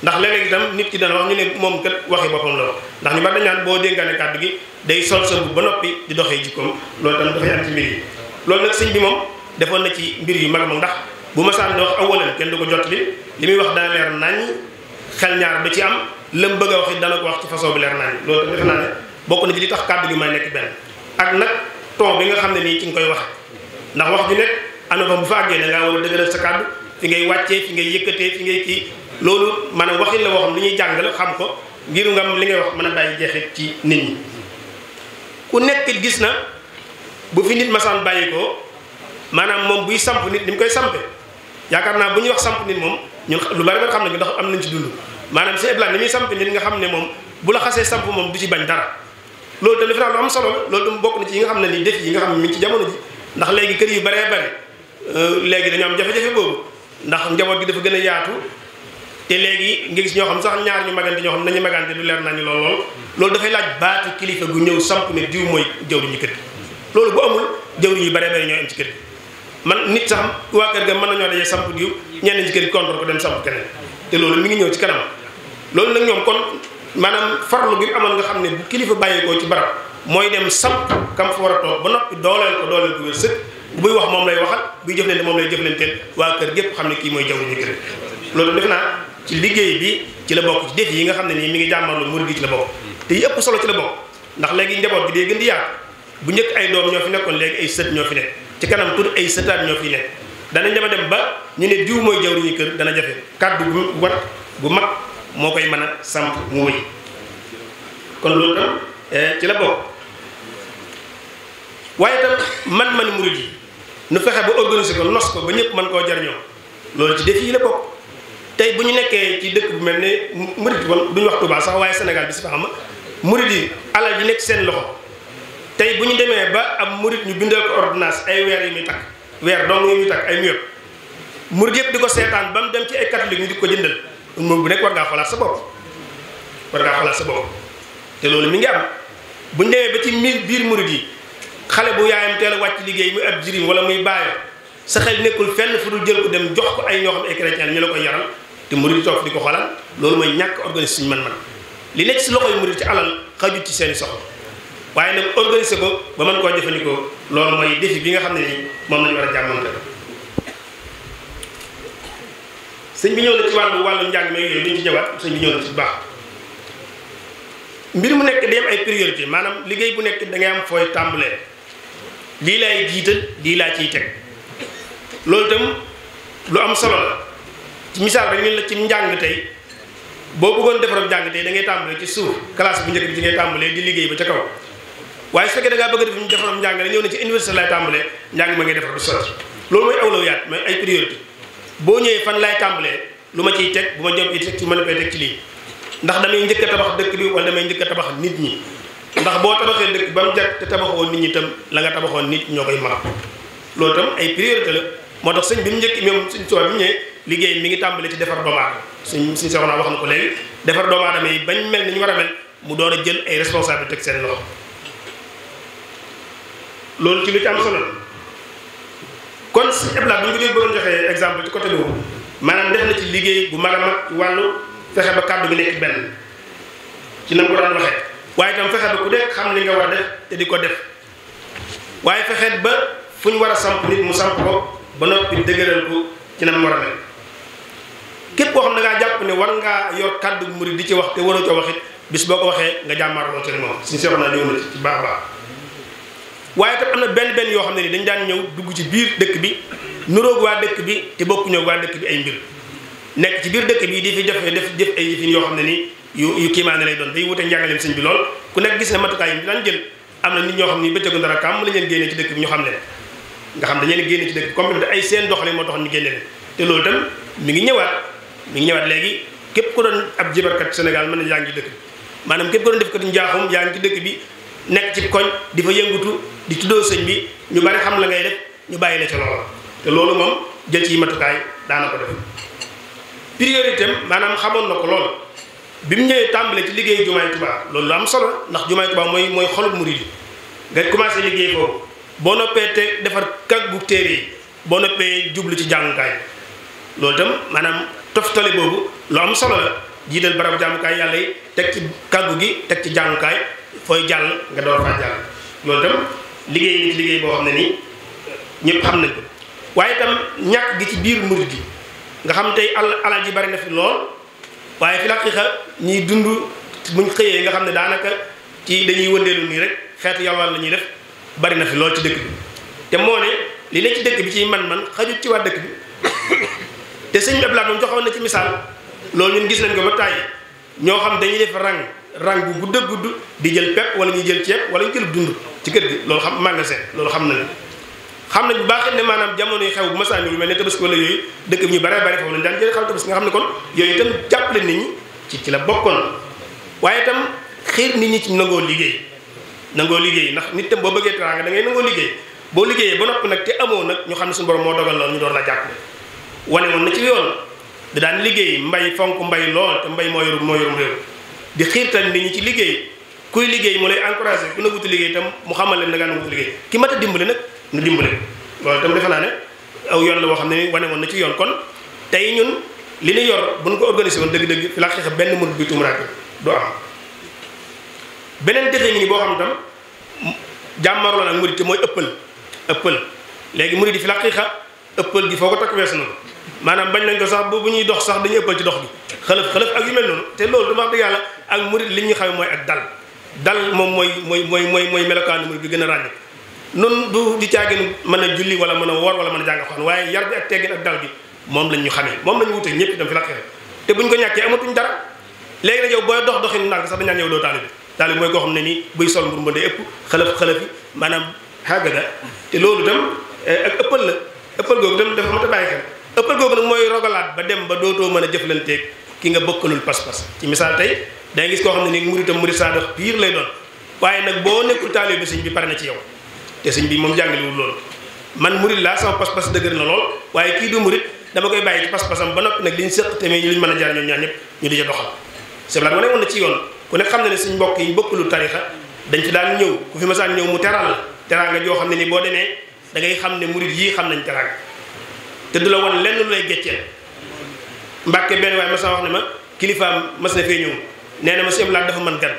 ndax léeg-léeg itam nit ki dana wax ñu ne moom kat waxi boppam la wax ndax ñu bari dañ boo dénkaane kàddu gi day sol sa bu ba noppi di doxee jikkoom loolu tam dafay am yi loolu sëñ bi moom defoon na ci mbir yu mag moom ndax bu masaan di wax awalan kenn du ko jot li li muy wax dana leer nañ xel ci am lam bëgg a waxi dana ko wax ci façon bi leer nañ loolu tam naa ne bokk na ci li tax kàddu gi may nekk benn ak nag ton bi nga xam ne nii ci nga koy wax ndax wax ju nekk ana fa bu fa àggee da ngaa war a dëgëral sa kàddu fi ngay wàccee ci ngay yëkkatee ci nga kii loolu maanaam waxin la woo xam li ñuy jàngal xam ko ngir nga li ngay wax mën a bàyyi jeexit ci nit ñi ku nekk gis na bu fi nit masaan bàyyi ko maanaam moom buy samp nit ni mu koy sampe yaakaar naa bu ñuy wax samp nit moom ñun lu bari ba xam nañu ndax am nañ ci dund maanaam si eblaan ni muy nit nga xam ne moom bu la xasee samp moom du ci bañ dara loolu tam defe naa lu am solo la loolu tam bokk na ci yi nga xam ne nii def yi nga xam ne mi ci jamono ji ndax léegi kër yu baree bare euh, léegi dañoo am jafe-jafe boobu ndax njaboot gi dafa gën a yaatu te léegi nga gis ñoo xam sax ñaar ñu magante ñoo xam nañu magante lu leer nañu lool loolu dafay laaj baatu kilifa gu ñëw samp ne diw mooy jawriñ ñu kër gi loolu bu amul jawriñ yu bare bare ñoo am ci nit sax waa kër ga mën nañoo dajee samp diw ñenn ci kër gi ko dem samp keneen te loolu mi ngi ñëw ci kanam loolu nag ñoom kon maanaam farlu bi amoon nga xam ne bu kilifa bàyyeekoo ci barab mooy dem samp kam fa war a toog ba noppi dooleel ko dooleel ko wér sëkk buy wax moom lay waxal buy jëflante moom lay jëflanteel waa kër gépp xam ne kii mooy jawriñu kër loolu def naa ci liggéey bi ci la bokk ci def yi nga xam ne nii mi ngi jàmmaloo murid gi ci la bokk te yi ëpp solo ci la bokk ndax léegi njaboot gi day gën di yaatu bu njëkk ay doom ñoo fi nekkoon léegi ay sët ñoo fi nekk ci kanam tudd ay sëtaat ñoo fi nekk danañ dama dem ba ñu ne diw mooy jawriñu kër dana jafe kàddu wat gu mag moo koy mën a samp mu wëy kon loolu tam eh, ci la bokk waaye tam man-man murid yi nu fexe ba organiser ko nos ko ba ñëpp mën koo jariñoo loolu ci def yi la bokk tay buñu nekké ci dëkk bu melni ne wal duñ wax Touba sax waye Sénégal bi sifa xam mouride yi alal nekk seen loxo tay buñu démé ba am murid ñu bindé ko ordonnance ay wér yi mi tak wér do yi mi tak ay mur mouride yépp diko sétan bam dem ci ay catholique ñu diko jëndal mo bu nekk war nga xolaat sa bop war nga xolaat sa bop té loolu mi ngi am buñu démé ba ci mil bir mouride yi xale bu yaayam téla wacc wàcc liggéey muy ab jirim wala muy baye sa xel nekul fenn fudul jël ko dem jox ko ay ñoo xam ay chrétien ñu la koy yaral te murid toog di ko xoolal loolu mooy ñàkk organiser suñu man-man li nekk si loxoy murid ci alal xajut ci seeni i soxla waaye nag organiser ko ba mën koo jëfandikoo loolu mooy défi bi nga xam ne nii moom lañu war a jàmmante sëñ bi ñëw na ci wàllu wàllu njàng meeg yooyu duñ ci ñëwaat sëñ bi ñëw na ci baax mbir mu nekk dem ay priorité maanaam liggéey bu nekk da ngay am fooy tàmbalee lii laay jiital lii laa ciy teg loolu itam lu am solo la misal rek ñu la ci njang tay bo bëggon defaram jang tay da ngay tambalé ci suuf classe bu ñëk ci ngay tambalé di liggéey ba ci kaw waye su fekkee da nga bëgg a def jang la ñëw na ci université lay tambalé jang ma ngay defar du lool moy mooy yaat moy ay priorité bo ñëwé fan lay tambalé lu ma ciy tek bu ma jëm ci ci mëna a koy teg ci li ndax da may a tabax dëkk bi wala da may a tabax nit ñi ndax bo tabaxé dëkk ba mu jag te tabaxoon nit ñi tam la nga tabaxo nit ñokay mara lool tam ay priorité la motax señ sëñ bi mu njëkk moom sëñ Tuubaa bi mu liggéey mi ngi tàmbali ci defar doomu aadama suñ suñ soxna wax na ko léegi defar doomu aadama yi bañ mel ni ñu war a mel mu door a jël ay responsabilité ak seen loxo loolu ci lu ci am solo kon si ebla bu ñu ko bëggoon joxee exemple ci côté boobu maanaam def na ci liggéey bu mag a mag wàllu fexe ba kàddu gi nekk benn ci nam ko daan waxee waaye itam fexe ba ku nekk xam li nga war a def te di def waaye fexe ba fu ñu samp nit mu samp ko ba noppi dëgëral ko ci nam mel képp koo xam ne ngaa jàpp ne war ngaa yor kàddu murid di ci wax te waroo ca wax it bis boo ko waxee nga jàmmaarloo ci moom suñu seexoon naa ñëw na ci baax baax waaye na benn benn yoo xam ne ni dañ daan ñëw dugg ci biir dëkk bi nuroog waa dëkk bi te bokkuñoo waa dëkk bi ay mbir nekk ci biir dëkk bi di fi def def def ay yoo xam ne nii yu yu kiimaane lay doon day wute njàngaleem sëñ bi lool ku nekk gis na matukaay yi daan jël am na nit ñoo xam ne bëccëgu ndara kàmm la leen génnee ci dëkk bi ñu xam leen nga xam dañu leen génne ci dëkk bi ay seen doxale moo tax ñu génne te loolu dem mi ngi ñëwaat mu ngi ñëwaat léegi képp ko doon ab jibarkat Sénégal mën na yaa ngi ci dëkk bi maanaam képp ku doon def kat njaaxum yaa ngi ci dëkk bi nekk ci koñ di fa yëngutu di tuddoo sëñ bi ñu bari xam la ngay def ñu bàyyi la ca loolu te loolu moom jël ci matukaay daana ko def maanaam xamoon na ko lool bi mu ñëwee tàmbale ci liggéey jumaay Tuubaa loolu lu am solo ndax jumaay Tuubaa mooy mooy xolub murid ngay commencé liggéey foofu boo noppee te defar kag bu téere yi boo noppee jublu ci jàngukaay loolu itam maanaam toftale boobu lu am solo la jiital barab jaamukaay yàlla yi teg ci kàggu gi teg ci jaamukaay fooy jàll nga door faa jàll loolu itam liggéey liggéey boo xam ne nii ñëpp xam nañ ko waaye itam ñàkk gi ci biir mbir gi nga xam tey al alal ji bari na fi lool waaye fi laqiqa ñiy dund buñ xëyee nga xam ne daanaka ci dañuy wëndeelu nii rek xeetu yalwaan la ñuy def bari na fi lool ci dëkk bi te moo ne li ne ci dëkk bi ci man man xajut ci waa dëkk bi te sëñ bi laa moom joxoon na ci misaal loolu ñun gis nañ ko ba tàyyi ñoo xam dañuy def rang rang bu gudd gudd di jël pepp wala ñu jël ceeb wala ñu jël dund ci kër gi loolu xam magasin loolu xam na leen xam nañ bu baax ne maanaam jamonoy xew bu masaani lu mel ne tabaski wala yooyu dëkk bi ñu bare bare foofu lañ daan jël xam nga xam ne kon yooyu itam jàppale nit ñi ci ci la bokkoon waaye itam xiir nit ñi ci nangoo liggéey nangoo liggéey ndax nit tam boo bëggee teraanga da ngay nangoo liggéey boo liggéeyee ba noppi nag te amoo nag ñu xam ne su borom moo dogal loolu ñu doon la jàppale wane woon na ci yoon da daan liggéey mbay fonk mbay lool te mbay moo yor moo yorum réew di xiirtal nit ñi ci liggéey kuy liggéey mu lay encouragé ku na wuti liggéey itam mu xamal leen da ngaa wuti liggéey ki mat a dimbale nag nu dimbale loolu itam defe naa ne aw yoon la boo xam ne wane woon na ci yoon kon tey ñun li ñu yor bu ñu ko organisé woon dëgg-dëgg fi la xeex benn mën bi tumuraake du am beneen defe ngi boo xam itam jàmmarloo nag murit mooy ëppal ëppal léegi murit di fi la xeexa ëppal gi foo ko takk wees na maanaam bañ nañ ko sax bu bu ñuy dox sax dañuy ëppal ci dox gi xëlëf xëlëf ak yu mel noonu te loolu dama ak murit mooy ak dal dal moom mooy mooy mooy mooy mooy melokaanu muy bi gën a ràññe noonu du di caagin mën a julli mën a woor wala mën a jàng xon waaye yar bi ak teggin ak dal bi moom lañ ñu xamee moom lañ wutee ñëpp itam fi la xewe te buñ ko ñàkkee amatuñ dara léegi nag yow booy dox doxin nag sax dañaan yow doo taalibe taalibe mooy koo xam ne sol mburu mba day ëpp xëlëf xëlëf yi maanaam loolu itam eh, ak ëppal la ëppal googu tam dafa mat a bàyyi xel ëppal googu nag mooy rogalaat ba dem ba dootoo mën a jëflanteeg ki nga bokkalul pas-pas ci misaal tey day gis koo xam ne nii muritam murit saa nekkul taalibe bi sëñ bi na ci yow moom jàngaliwul loolu man murit laa sama pas-pas dëgër na lool waaye kii du murit dama koy bàyyi a jaar di ca doxal c'est ma ne woon ci yoon ku ne xam na ne suñ mbokk yi bokkalul tarixa dañ ci daan ñëw ku fi masaan ñëw mu teral la teraanga joo xam ne ni boo demee da ngay xam ne murit yii xam nañ teraanga te du la wan lenn lu lay gécceel mbàkke benn waaye mas na wax ne ma kilifaam mas na fee ñëw nee na ma si laat dafa mën gan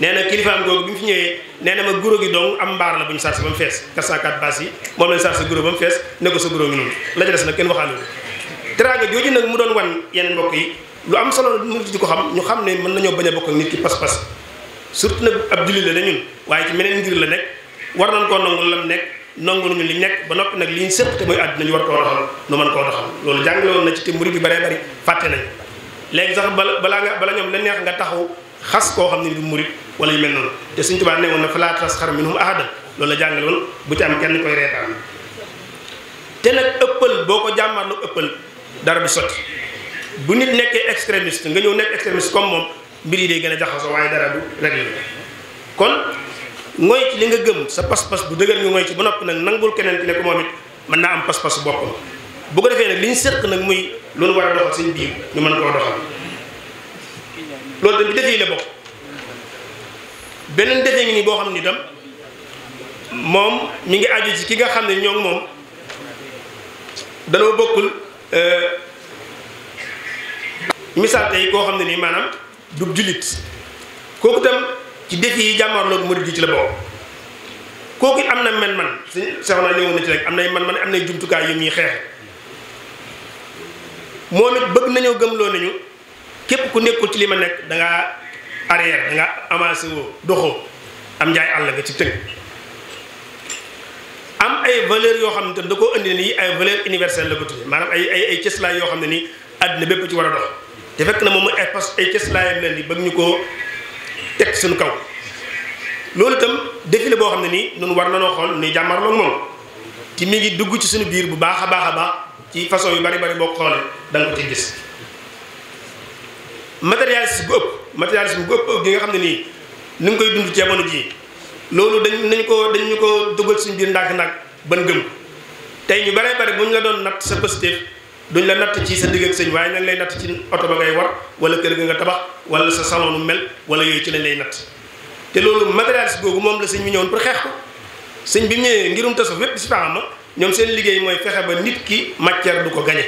nee na kilifaam googu bi mu fi ñëwee nee na ma guro gi dong am mbaar la bu ñu sarse ba mu fees 404 baas yi moom lañ sarse guro ba mu fees ne ko sa guro ngi noonu la ca des nag kenn waxaale teraanga jooju nag mu doon wan yeneen mbokk yi lu am solo murit di ko xam ñu xam ne mën nañoo bañ a bokk ak nit ki pas-pas surtout nag ab julli la ñun waaye ci meneen ngir la nekk war nañ koo nangu lam nekk nongul nga li nekk ba noppi nag li ñu sëpp te muy àddina ñu war koo doxal nu mën koo doxal loolu jàngale woon na ci te murid bi baree bari fàtte nañ léegi sax bala balaa nga bala ñoom la neex nga taxaw xas koo xam ne du murid wala yu mel noonu te Sëriñ Tuubaa ne woon na falaa tasxar minhum ahadan loolu la jàngale woon bu ci am kenn koy reetaan te nag ëppal boo ko jàmmarlu ëppal dara du sotti bu nit nekkee extrémiste nga ñëw nekk extrémiste comme moom mbir yi day gën a jaxasoo waaye dara du réglé ngoy ci li nga gëm sa pas-pas bu dëgër nga ngoy ci ba noppi nag nangul keneen ki ne ko moom it mën naa am pas-pas boppam bu ko defee nag li ñu sëq nag muy lu nu war a doxal suñ biir ñu mën koo doxal loolu tamit defee la bokk beneen defee mi nii boo xam ni dam moom mi ngi aju ci ki nga xam ne ñoom moom daloo bokkul euh, misaal tey koo xam ne nii maanaam du jullit kooku tam ci défi yi jàmmaarloog murid gi ci la bokk kooku it am na man man si soxna ñëwoon na ci rek am nay man man am na jumtukaay yu muy xeexe moom it bëgg nañoo gëmloo nañu képp ku nekkul ci li ma nekk da ngaa arrière da nga avancé woo doxoo am njaay àll nga ci tënk am ay valeur yoo xam ne da koo indi ne nii ay valeur universelle la ko tuddee maanaam ay ay ay yoo xam ne nii àddina bépp ci war a dox te fekk na moom ay pas ay cëslaayam leen di bëgg ñu koo teg suñu kaw loolu itam défilé boo xam ne nii ñun war nanoo xool ni jàmmarloo moom te mi ngi dugg ci suñu biir bu baax a baax a baax ci façon yu bari bari boo ko xoolee da ko ci gis matérialisme bu ëpp matérialisme bu ëpp ëpp gi nga xam ne nii nu nga koy dund ci jamono jii loolu dañ nañ ko dañ ñu ko dugal suñu biir ndànk-ndànk ban gëm tey ñu baree bari bu ñu la doon natt sa positif duñ la natt ci sa digg ak sëñ waaye nañ lay natt ci oto ba ngay war wala kër ga nga tabax wala sa salon nu mel wala yooyu ci lañ lay natt te loolu matérialiste googu moom la sëñ bi ñëwoon pour xeex ko sëñ bi ñëwee ngirum tasawuf wépp si taxama ñoom seen liggéey mooy fexe ba nit ki matière du ko gañe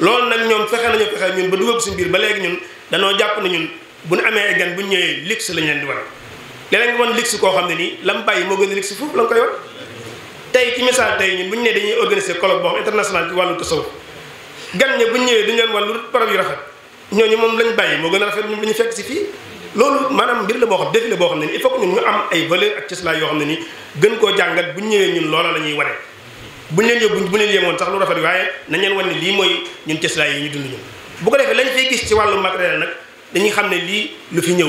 loolu nag ñoom fexe nañu fexe ñun ba dugub si biir ba léegi ñun danoo jàpp na ñun bu ñu amee ay gan bu ñu ñëwee luxe lañ leen di war léeg-léeg nga woon luxe koo xam ne nii lam bàyyi moo gën a luxe foofu la nga koy war tey ci misaal tey ñun bu ñu nee dañuy organiser colloque boo xam international ci wàllu gan ña bu ñëwee duñ leen wan lu barab yu rafet ñooñu moom lañ moo gën a rafet ñoom ñu fekk si fii maanaam mbir la xam défi la boo xam ne nii il faut que ñun ñu koo jàngat bu ñu ñëwee ñun loola la ñuy wane buñ leen yóbbu buñ leen yemoon sax lu rafet waaye nañ leen wan ne lii mooy ñun cëslaay yi ñu dund ñun bu defee lañ fay gis ci wàllu matériel nag dañuy xam ne lii lu fi ñëw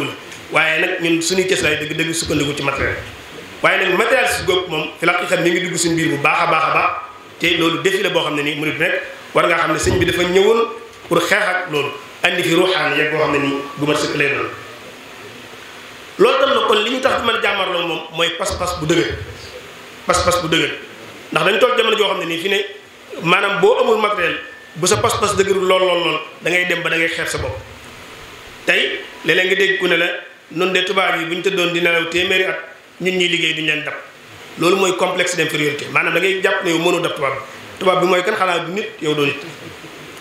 la nag ñun suñuy cëslaay dëgg dëgg sukkandiku ci matériel waaye nag matériel su góob moom fi la xam ngi dugg suñu biir bu baax a baax a baax te loolu défi boo xam ne nii murid nekk war ngaa xam ne sëñ bi dafa ñëwoon pour xeex ak loolu andi fi ruuxaan yegg boo xam ne nii bu ma sëkk lay doon loolu tam na kon li ñu tax di mën jàmmarloo moom mooy pas-pas bu dëgër pas-pas bu dëgër ndax dañ toog jamono joo xam ne nii fi ne boo amul matériel bu sa pas-pas dëgërul lool lool lool da ngay dem ba da ngay sa bopp tey léeg nga dégg ku ne la noonu de tubaab yi bu ñu tëddoon di nelaw téeméeri at ñuy liggéey duñ leen dab loolu mooy complexe d'infériorité maanaam da ngay jàpp ne yow mënoo dab tubaab tubaab bi mooy kan xalaat du nit yow doo nit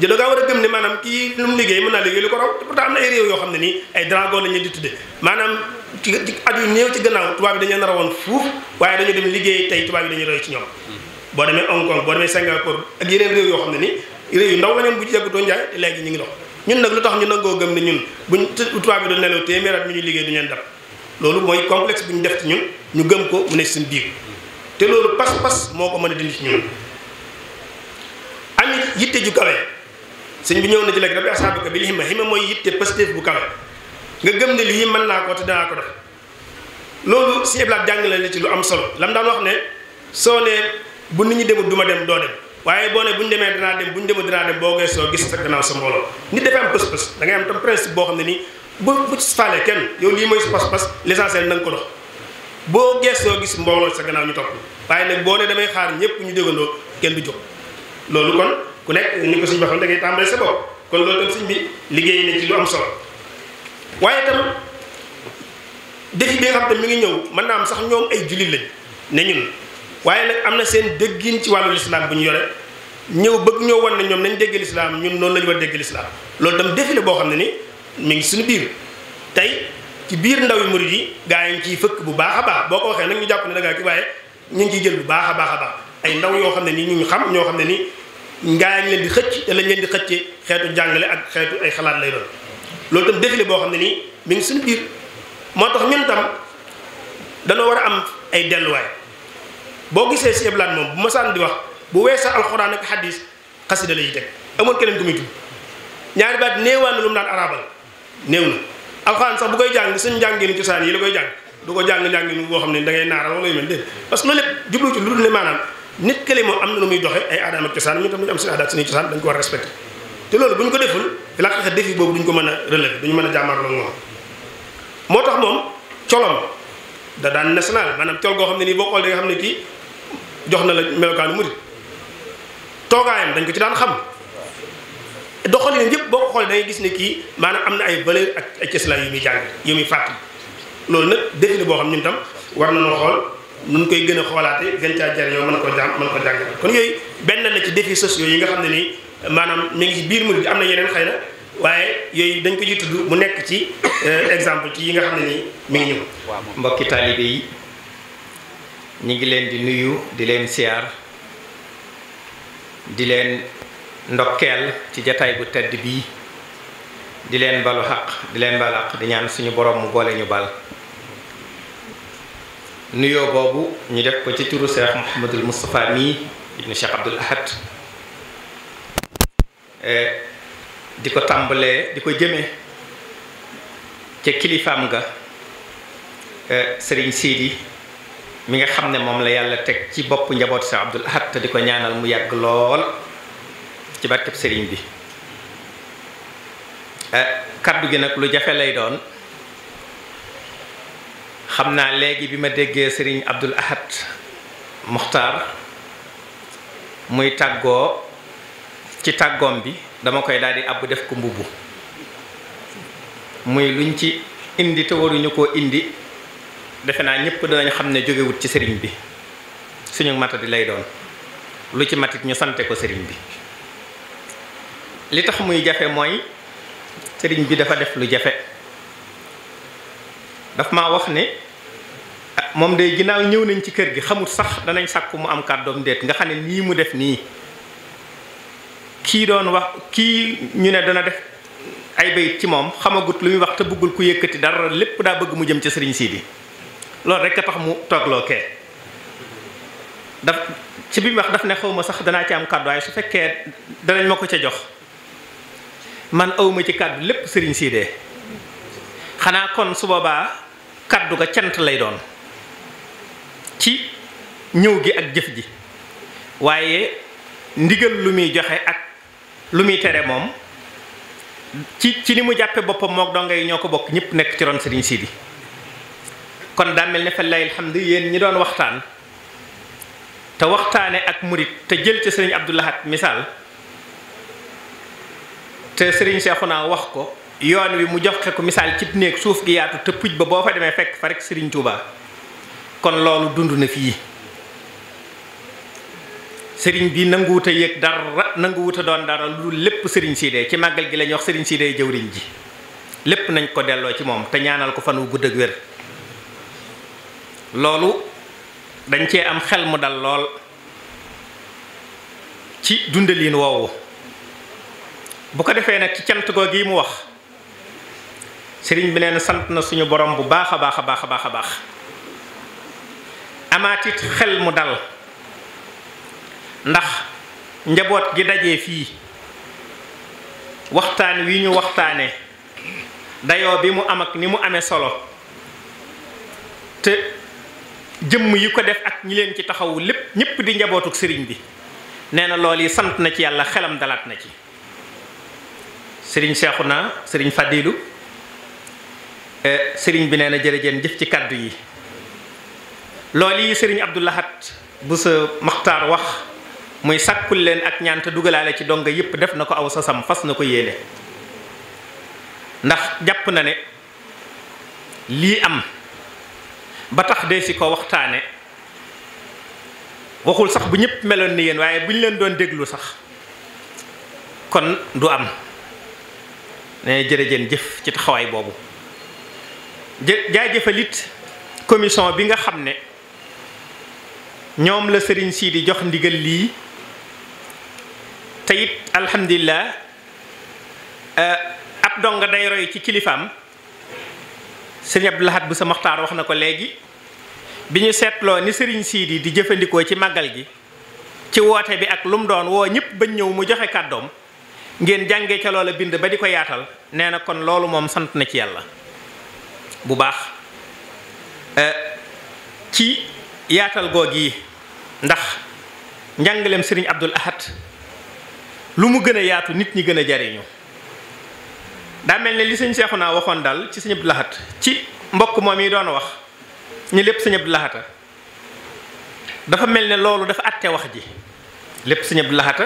ji da war a gëm ne maanaam kii lu mu liggéey mën naa liggéey lu ko raw te am na ay réew yoo xam ne nii ay dragon lañ leen di tudde maanaam ki at yu néew ci gannaaw tubaab bi dañu rawoon fuuf waaye dañu dem liggéey tey tubaab yi dañuy roy ci ñoom boo demee Hong Kong boo demee Singapour ak yeneen réew yoo xam ne nii réew yu ndaw la ñoom bu ci yàgg doon jaay léegi ñu ngi dox ñun nag lu tax ñu nangoo gëm ne ñun buñ tubaab bi doon nelaw téeméer at mi ñu liggéey du ñu leen dab loolu ñu def ci ko mu ne suñu biir te loolu pas-pas moo ko mën a dindi ci ñun am yitte sëñ bi ñëw na ci léegi rabbi asxaabuka bil himma himma mooy yitte positif bu kawe nga gëm ne lii mën naa ko te danaa ko def loolu si iblaat jàngale la ci lu am solo lam daan wax ne soo ne bu nit ñi demul duma dem doo dem waaye boo ne bu ñu demee danaa dem bu ñu demul danaa dem boo geesoo gis sa gannaaw sa mbooloo nit dafa am pës-pës da am tam principe boo xam ne nii bu bu ci faale kenn yow lii mooy sa pas-pas l'essentiel na nga ko dox boo geesoo gis mbooloo sa gannaaw ñu topp waaye nag boo ne damay xaar ñëpp ñu déggandoo kenn du jóg loolu kon ku nekk ni ko suñ waxoon da ngay tàmbale sa bopp kon loolu tam suñ bi liggéey na ci lu am solo waaye tam défi bi nga xam mi ngi ñëw mën naa am sax ñoom ay jullit lañ ne ñun waaye nag am na seen déggin ci wàllu lislaam bu ñu yore ñëw bëgg ñoo wan ne ñoom nañ dégg lislaam ñun noonu lañu ñu war dégg lislaam loolu tam défi la boo xam ne ni mi ngi suñu biir tey ci biir ndaw yi murid yi gaa yi ci ciy fëkk bu baax a baax boo ko waxee nag ñu jàpp ne da ngaa ki waaye ñu ngi ciy jël bu baax a baax a baax ay ndaw yoo xam ne nii ñu xam ñoo xam ne nii ngaa leen di xëcc te lañ leen di xëccee xeetu jàngale ak xeetu ay xalaat lay doon loolu tam défilé boo xam ne nii mi ngi suñu moo tax ñun tam dañoo war a am ay delluwaay boo gisee si eblaat moom bu ma di wax bu weesa alxuraan ak xadis xasida lay teg amul keneen ku muy ñaari baat néewaan na lu mu daan arabal néew na alxuraan sax bu koy jàng suñ njàngeen cosaan yi la koy jàng du ko jàng njàngeen boo xam ne da ngay naaral wala yu mel déedéet parce que loolu lépp jublu ci lu dul ne maanaam nit kële am na lu muy doxe ay aadaam ak cosaan ñu tam ñu am seen aadaat seen cosaan dañ ko war a respecté te loolu bu ñu ko deful la xeex défi boobu duñ ko mën a relever ñu mën a jàmmarloo moom moo tax moom colom da daan national maanaam col goo xam ne nii boo xool da xam ne kii jox na la melokaanu murid toogaayam dañ ko ci daan xam doxalin yëpp boo ko xoolee gis ne kii maanaam am na ay valeur ak ay cëslaay yu muy jàng yu muy fàttali loolu nag défi la boo xam ñun tam war na noo xool nun koy gën a xoolaate gën caa jariñoo mën ko jàng mën ko jàng kon yooyu benn na ci défis sociaux yi nga xam ne ni maanaam mi ngi ci biir murid bi am na yeneen xëy na waaye yooyu dañ ko ci tudd mu nekk ci euh, exemple ci yi nga xam ne nii mi ngi ñëw mbokki taalibe yi ñu ngi leen di nuyu di leen siyaar di leen ndokkeel ci jataay bu tedd bii di leen balu xaq di leen balu xaq di ñaan suñu borom mu boole ñu bal nuyoo boobu ñu def ko ci turu Cheikh Mouhamadul Moustapha mii ibnu Cheikh Abdoul Ahad e, di ko tàmbalee di ko jëme ca kilifaam ga e, sëriñ Sidi mi nga xam ne moom la yàlla teg ci bopp njaboot Cheikh Abdoul Ahad te di ko ñaanal mu yàgg lool ci barkeb sëriñ bi e, kaddu gi nag lu jafe lay doon xam naa léegi bi ma déggee sëriñ Abdul Ahad Muxtaar muy tàggoo ci tàggoom bi dama koy daal di àbb def ko mbubb muy luñ ci indi te waruñu koo indi defe naa ñëpp danañ xam ne jógewut ci sëriñ bi suñu matadi lay doon lu ci matit ñu sante ko sëriñ bi li tax muy jafe mooy sëriñ bi dafa def lu jafe daf maa wax ne ah, moom day ginnaaw ñëw nañ ci kër gi xamul sax danañ sàkku mu am kàddoom déet nga xam ne nii mu def nii kii doon wax kii ñu ne dana def ay bayit ci moom xamagut lu muy wax te buggul ku yëkkati dara lépp daa bëgg mu jëm ci sëriñ Sidi loolu rek a tax mu toogloo kee daf ci bi mu daf ne xaw ma sax danaa ci am kàddu su fekkee danañ ma ko ca jox man awuma ci kàddu lépp sëriñ Sidi xanaa kon su boobaa kàddu ga cant lay doon ci ñëw gi ak jëf ji waaye ndigal lu muy joxe ak lu muy tere moom ci ci ni mu jàppe boppam mook donga yi ñoo ko bokk ñëpp nekk ci ron Serigne Sidi kon daa mel ne fa lay alhamdu yéen ñi doon waxtaan te waxtaane ak murit te jël ca Serigne Abdou Lahad misaal te sëriñ Serigne naa wax ko yoon wi mu joxe ko misaal ci néeg suuf gi yaatu te puj ba boo fa demee fekk fa sëriñ Serigne Touba kon loolu dund na fii sëriñ bi nanguwut a yëg dara nanguwut a doon dara lu lépp Serigne Sidé ci màggal gi lañ wax Serigne Sidé jëwriñ ji lépp nañ ko delloo ci moom te ñaanal ko fan wu gudd ak wér loolu dañ cee am xel mu dal lool ci dundaliin woowu bu ko defee nag ci cant goo gi mu wax. Sering bi nee sant na suñu borom bu baax Amati baax a baax amati xel mu dal ndax njabot gi dajé fi waxtaan wi ñu waxtaané dayo bi mu am ak ni mu amé solo te jëm yi ko def ak ñi leen ci taxaw lepp ñepp di njabotuk serigne bi nee na lool yi sant na ci yalla xelam dalat na ci serigne cheikhuna serigne Fadilu Eh, sëriñ bi nee na jërëjeen jëf ci kàddu yi loolu yi sëriñ Abdou Lahat bu sa maxtaar wax muy sàkkul leen ak ñaan dugalaale ci donga yépp def na ko aw sa sasam fas na ko yéene ndax jàpp na ne lii am ba tax dee si ko waxtaane waxul sax bu ñëpp meloon ni yéen waaye bu ñu leen doon déglu sax kon du am ne jërëjeen jëf ci taxawaay boobu jaajëfalit commission bi nga xam ne ñoom la sëriñ siidi jox ndigal lii te it alhamdulilah euh, ab dong day roy ci kilifaam sëriñ Abdou Lahad bu sa Moxtaar wax na ko léegi bi ñu seetloo ni sëriñ siidi di jëfandikoo ci màggal gi ci woote bi ak lu mu doon woo ñëpp bañ ñëw mu joxe kàddoom ngeen jàngee ca loola bind ba di ko yaatal nee na kon loolu moom sant na ci yàlla bu baax euh, ci yaatal goog yi ndax njàngaleem sëriñ Abdul Ahad lu mu gën a yaatu nit ñi gën a jariñu daa mel ne li sëñ seexu naa waxoon daal ci sëñ Abdul Ahad ci mbokk moom yi doon wax ñi lépp sëñ Abdul Ahad dafa mel ne loolu dafa àtte wax ji lépp sëñ Abdul Ahad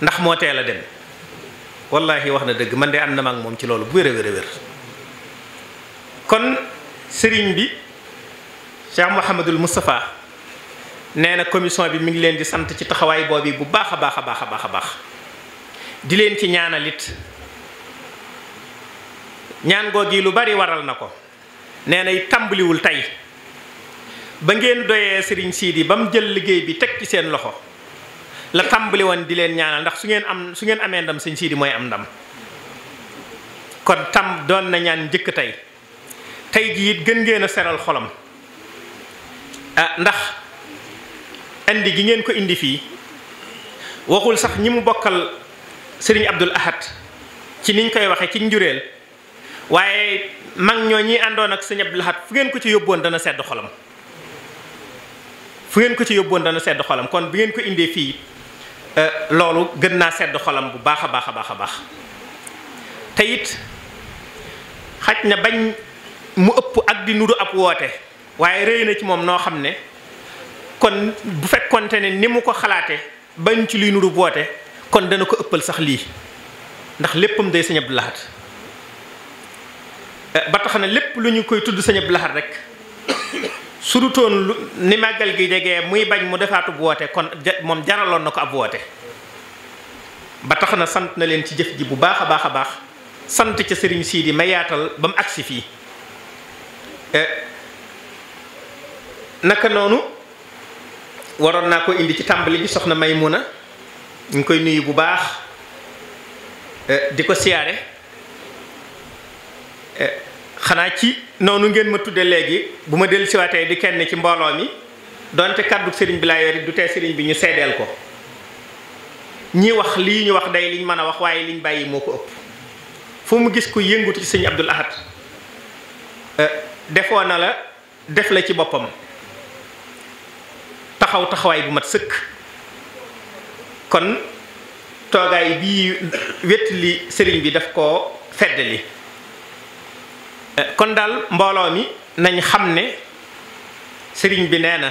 ndax moo teel a dem wallaahi wax na dëgg man de ànd na ma ak moom ci loolu bu wér a wér kon sëriñ bi Cheikh mohammedul mustafa neena commission bi mi ngi len di sante ci taxaway bobu bu baakha baakha baakha baakha baax di len ci ñaanalit ñaan gogi lu bari waral nako ko nee nay wul tey ba ngeen doye serigne Sidi bam jël liggey bi tek ci seen loxo la tambli won di len ñaanal ndax su ngeen am su ngeen amé ndam serigne Sidi moy am ndam kon tam doon na ñaan jëk tay tey gii it gën ngeen a seral xolam ah ndax indi gi ngeen ko indi fii waxul sax ñi mu bokkal sëriñ Abdul Ahad ci niñ koy waxee ci njureel waaye mag ñoo ñi àndoon ak sëriñ Abdul Ahad fu ngeen ko ci yóbboon dana sedd xolam fu ngeen ko ci yóbboon dana sedd xolam kon bi ngeen ko indee fii eh, loolu gën naa sedd xolam bu baax a baax a baax a baax te xaj na bañ mu ëpp ak di nuru ab woote waaye rëy na ci moom noo xam ne kon bu fekkonte ne ni mu ko xalaate bañ ci luy nuru woote kon dana ko ëppal sax lii ndax léppam day sëñ Abdou Lahad eh, ba tax na lépp lu ñu koy tudd sëñ Abdou Lahad rek su du lu ni màggal gi jege muy bañ mu defaatub woote kon moom jaraloon na ko ab woote ba tax na sant na leen ci jëf ji bu baax a baax a baax sant ca sëriñ Sidi ma yaatal ba mu agsi fii Eh, naka noonu waroon naa ko indi ci tàmbali bi soxna Maymuna ñu ngi koy nuyu bu baax eh, di ko siyaare eh, xanaa ci noonu ngeen ma tudde léegi bu ma dellu siwaatee di kenn ci mbooloo mi donte kàddu sëriñ bi laa yori du tee sëriñ bi ñu seddeel ko ñi wax lii ñu wax day liñ mën a wax waaye liñ bàyyi moo ko ëpp fu mu gis ku yëngutu ci sëñ Abdul Ahad defoo na la def la ci boppam taxaw taxawaay bu mat sëkk kon toogaay bii wettali sëriñ bi daf koo feddali eh, kon daal mbooloo mi nañ xam ne sëriñ bi nee na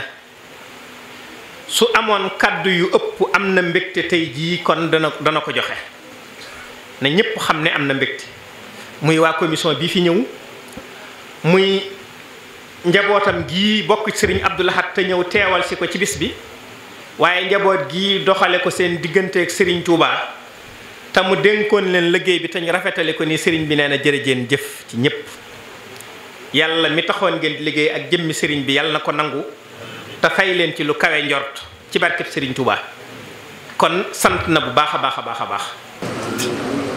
su amoon kàddu yu ëpp am na mbégte tey jii kon dana dana ko joxe na ñépp xam ne am na mbégte muy waa commission bi fi ñëw muy njabootam gi bokk sëriñ Abdou Lahad te ñëw teewal si ko ci bis bi waaye njaboot gi doxale ko seen digganteeg sëriñ Touba te mu dënkoon leen liggéey bi te ñu rafetale ko ni sëriñ bi nee na jërëjeen jëf ci ñépp yàlla mi taxoon ngeen di liggéey ak jëmmi sëriñ bi yàlla na ko nangu te fay leen ci lu kawe njort ci barkeb sëriñ Touba kon sant na bu baax a baax a baax a baax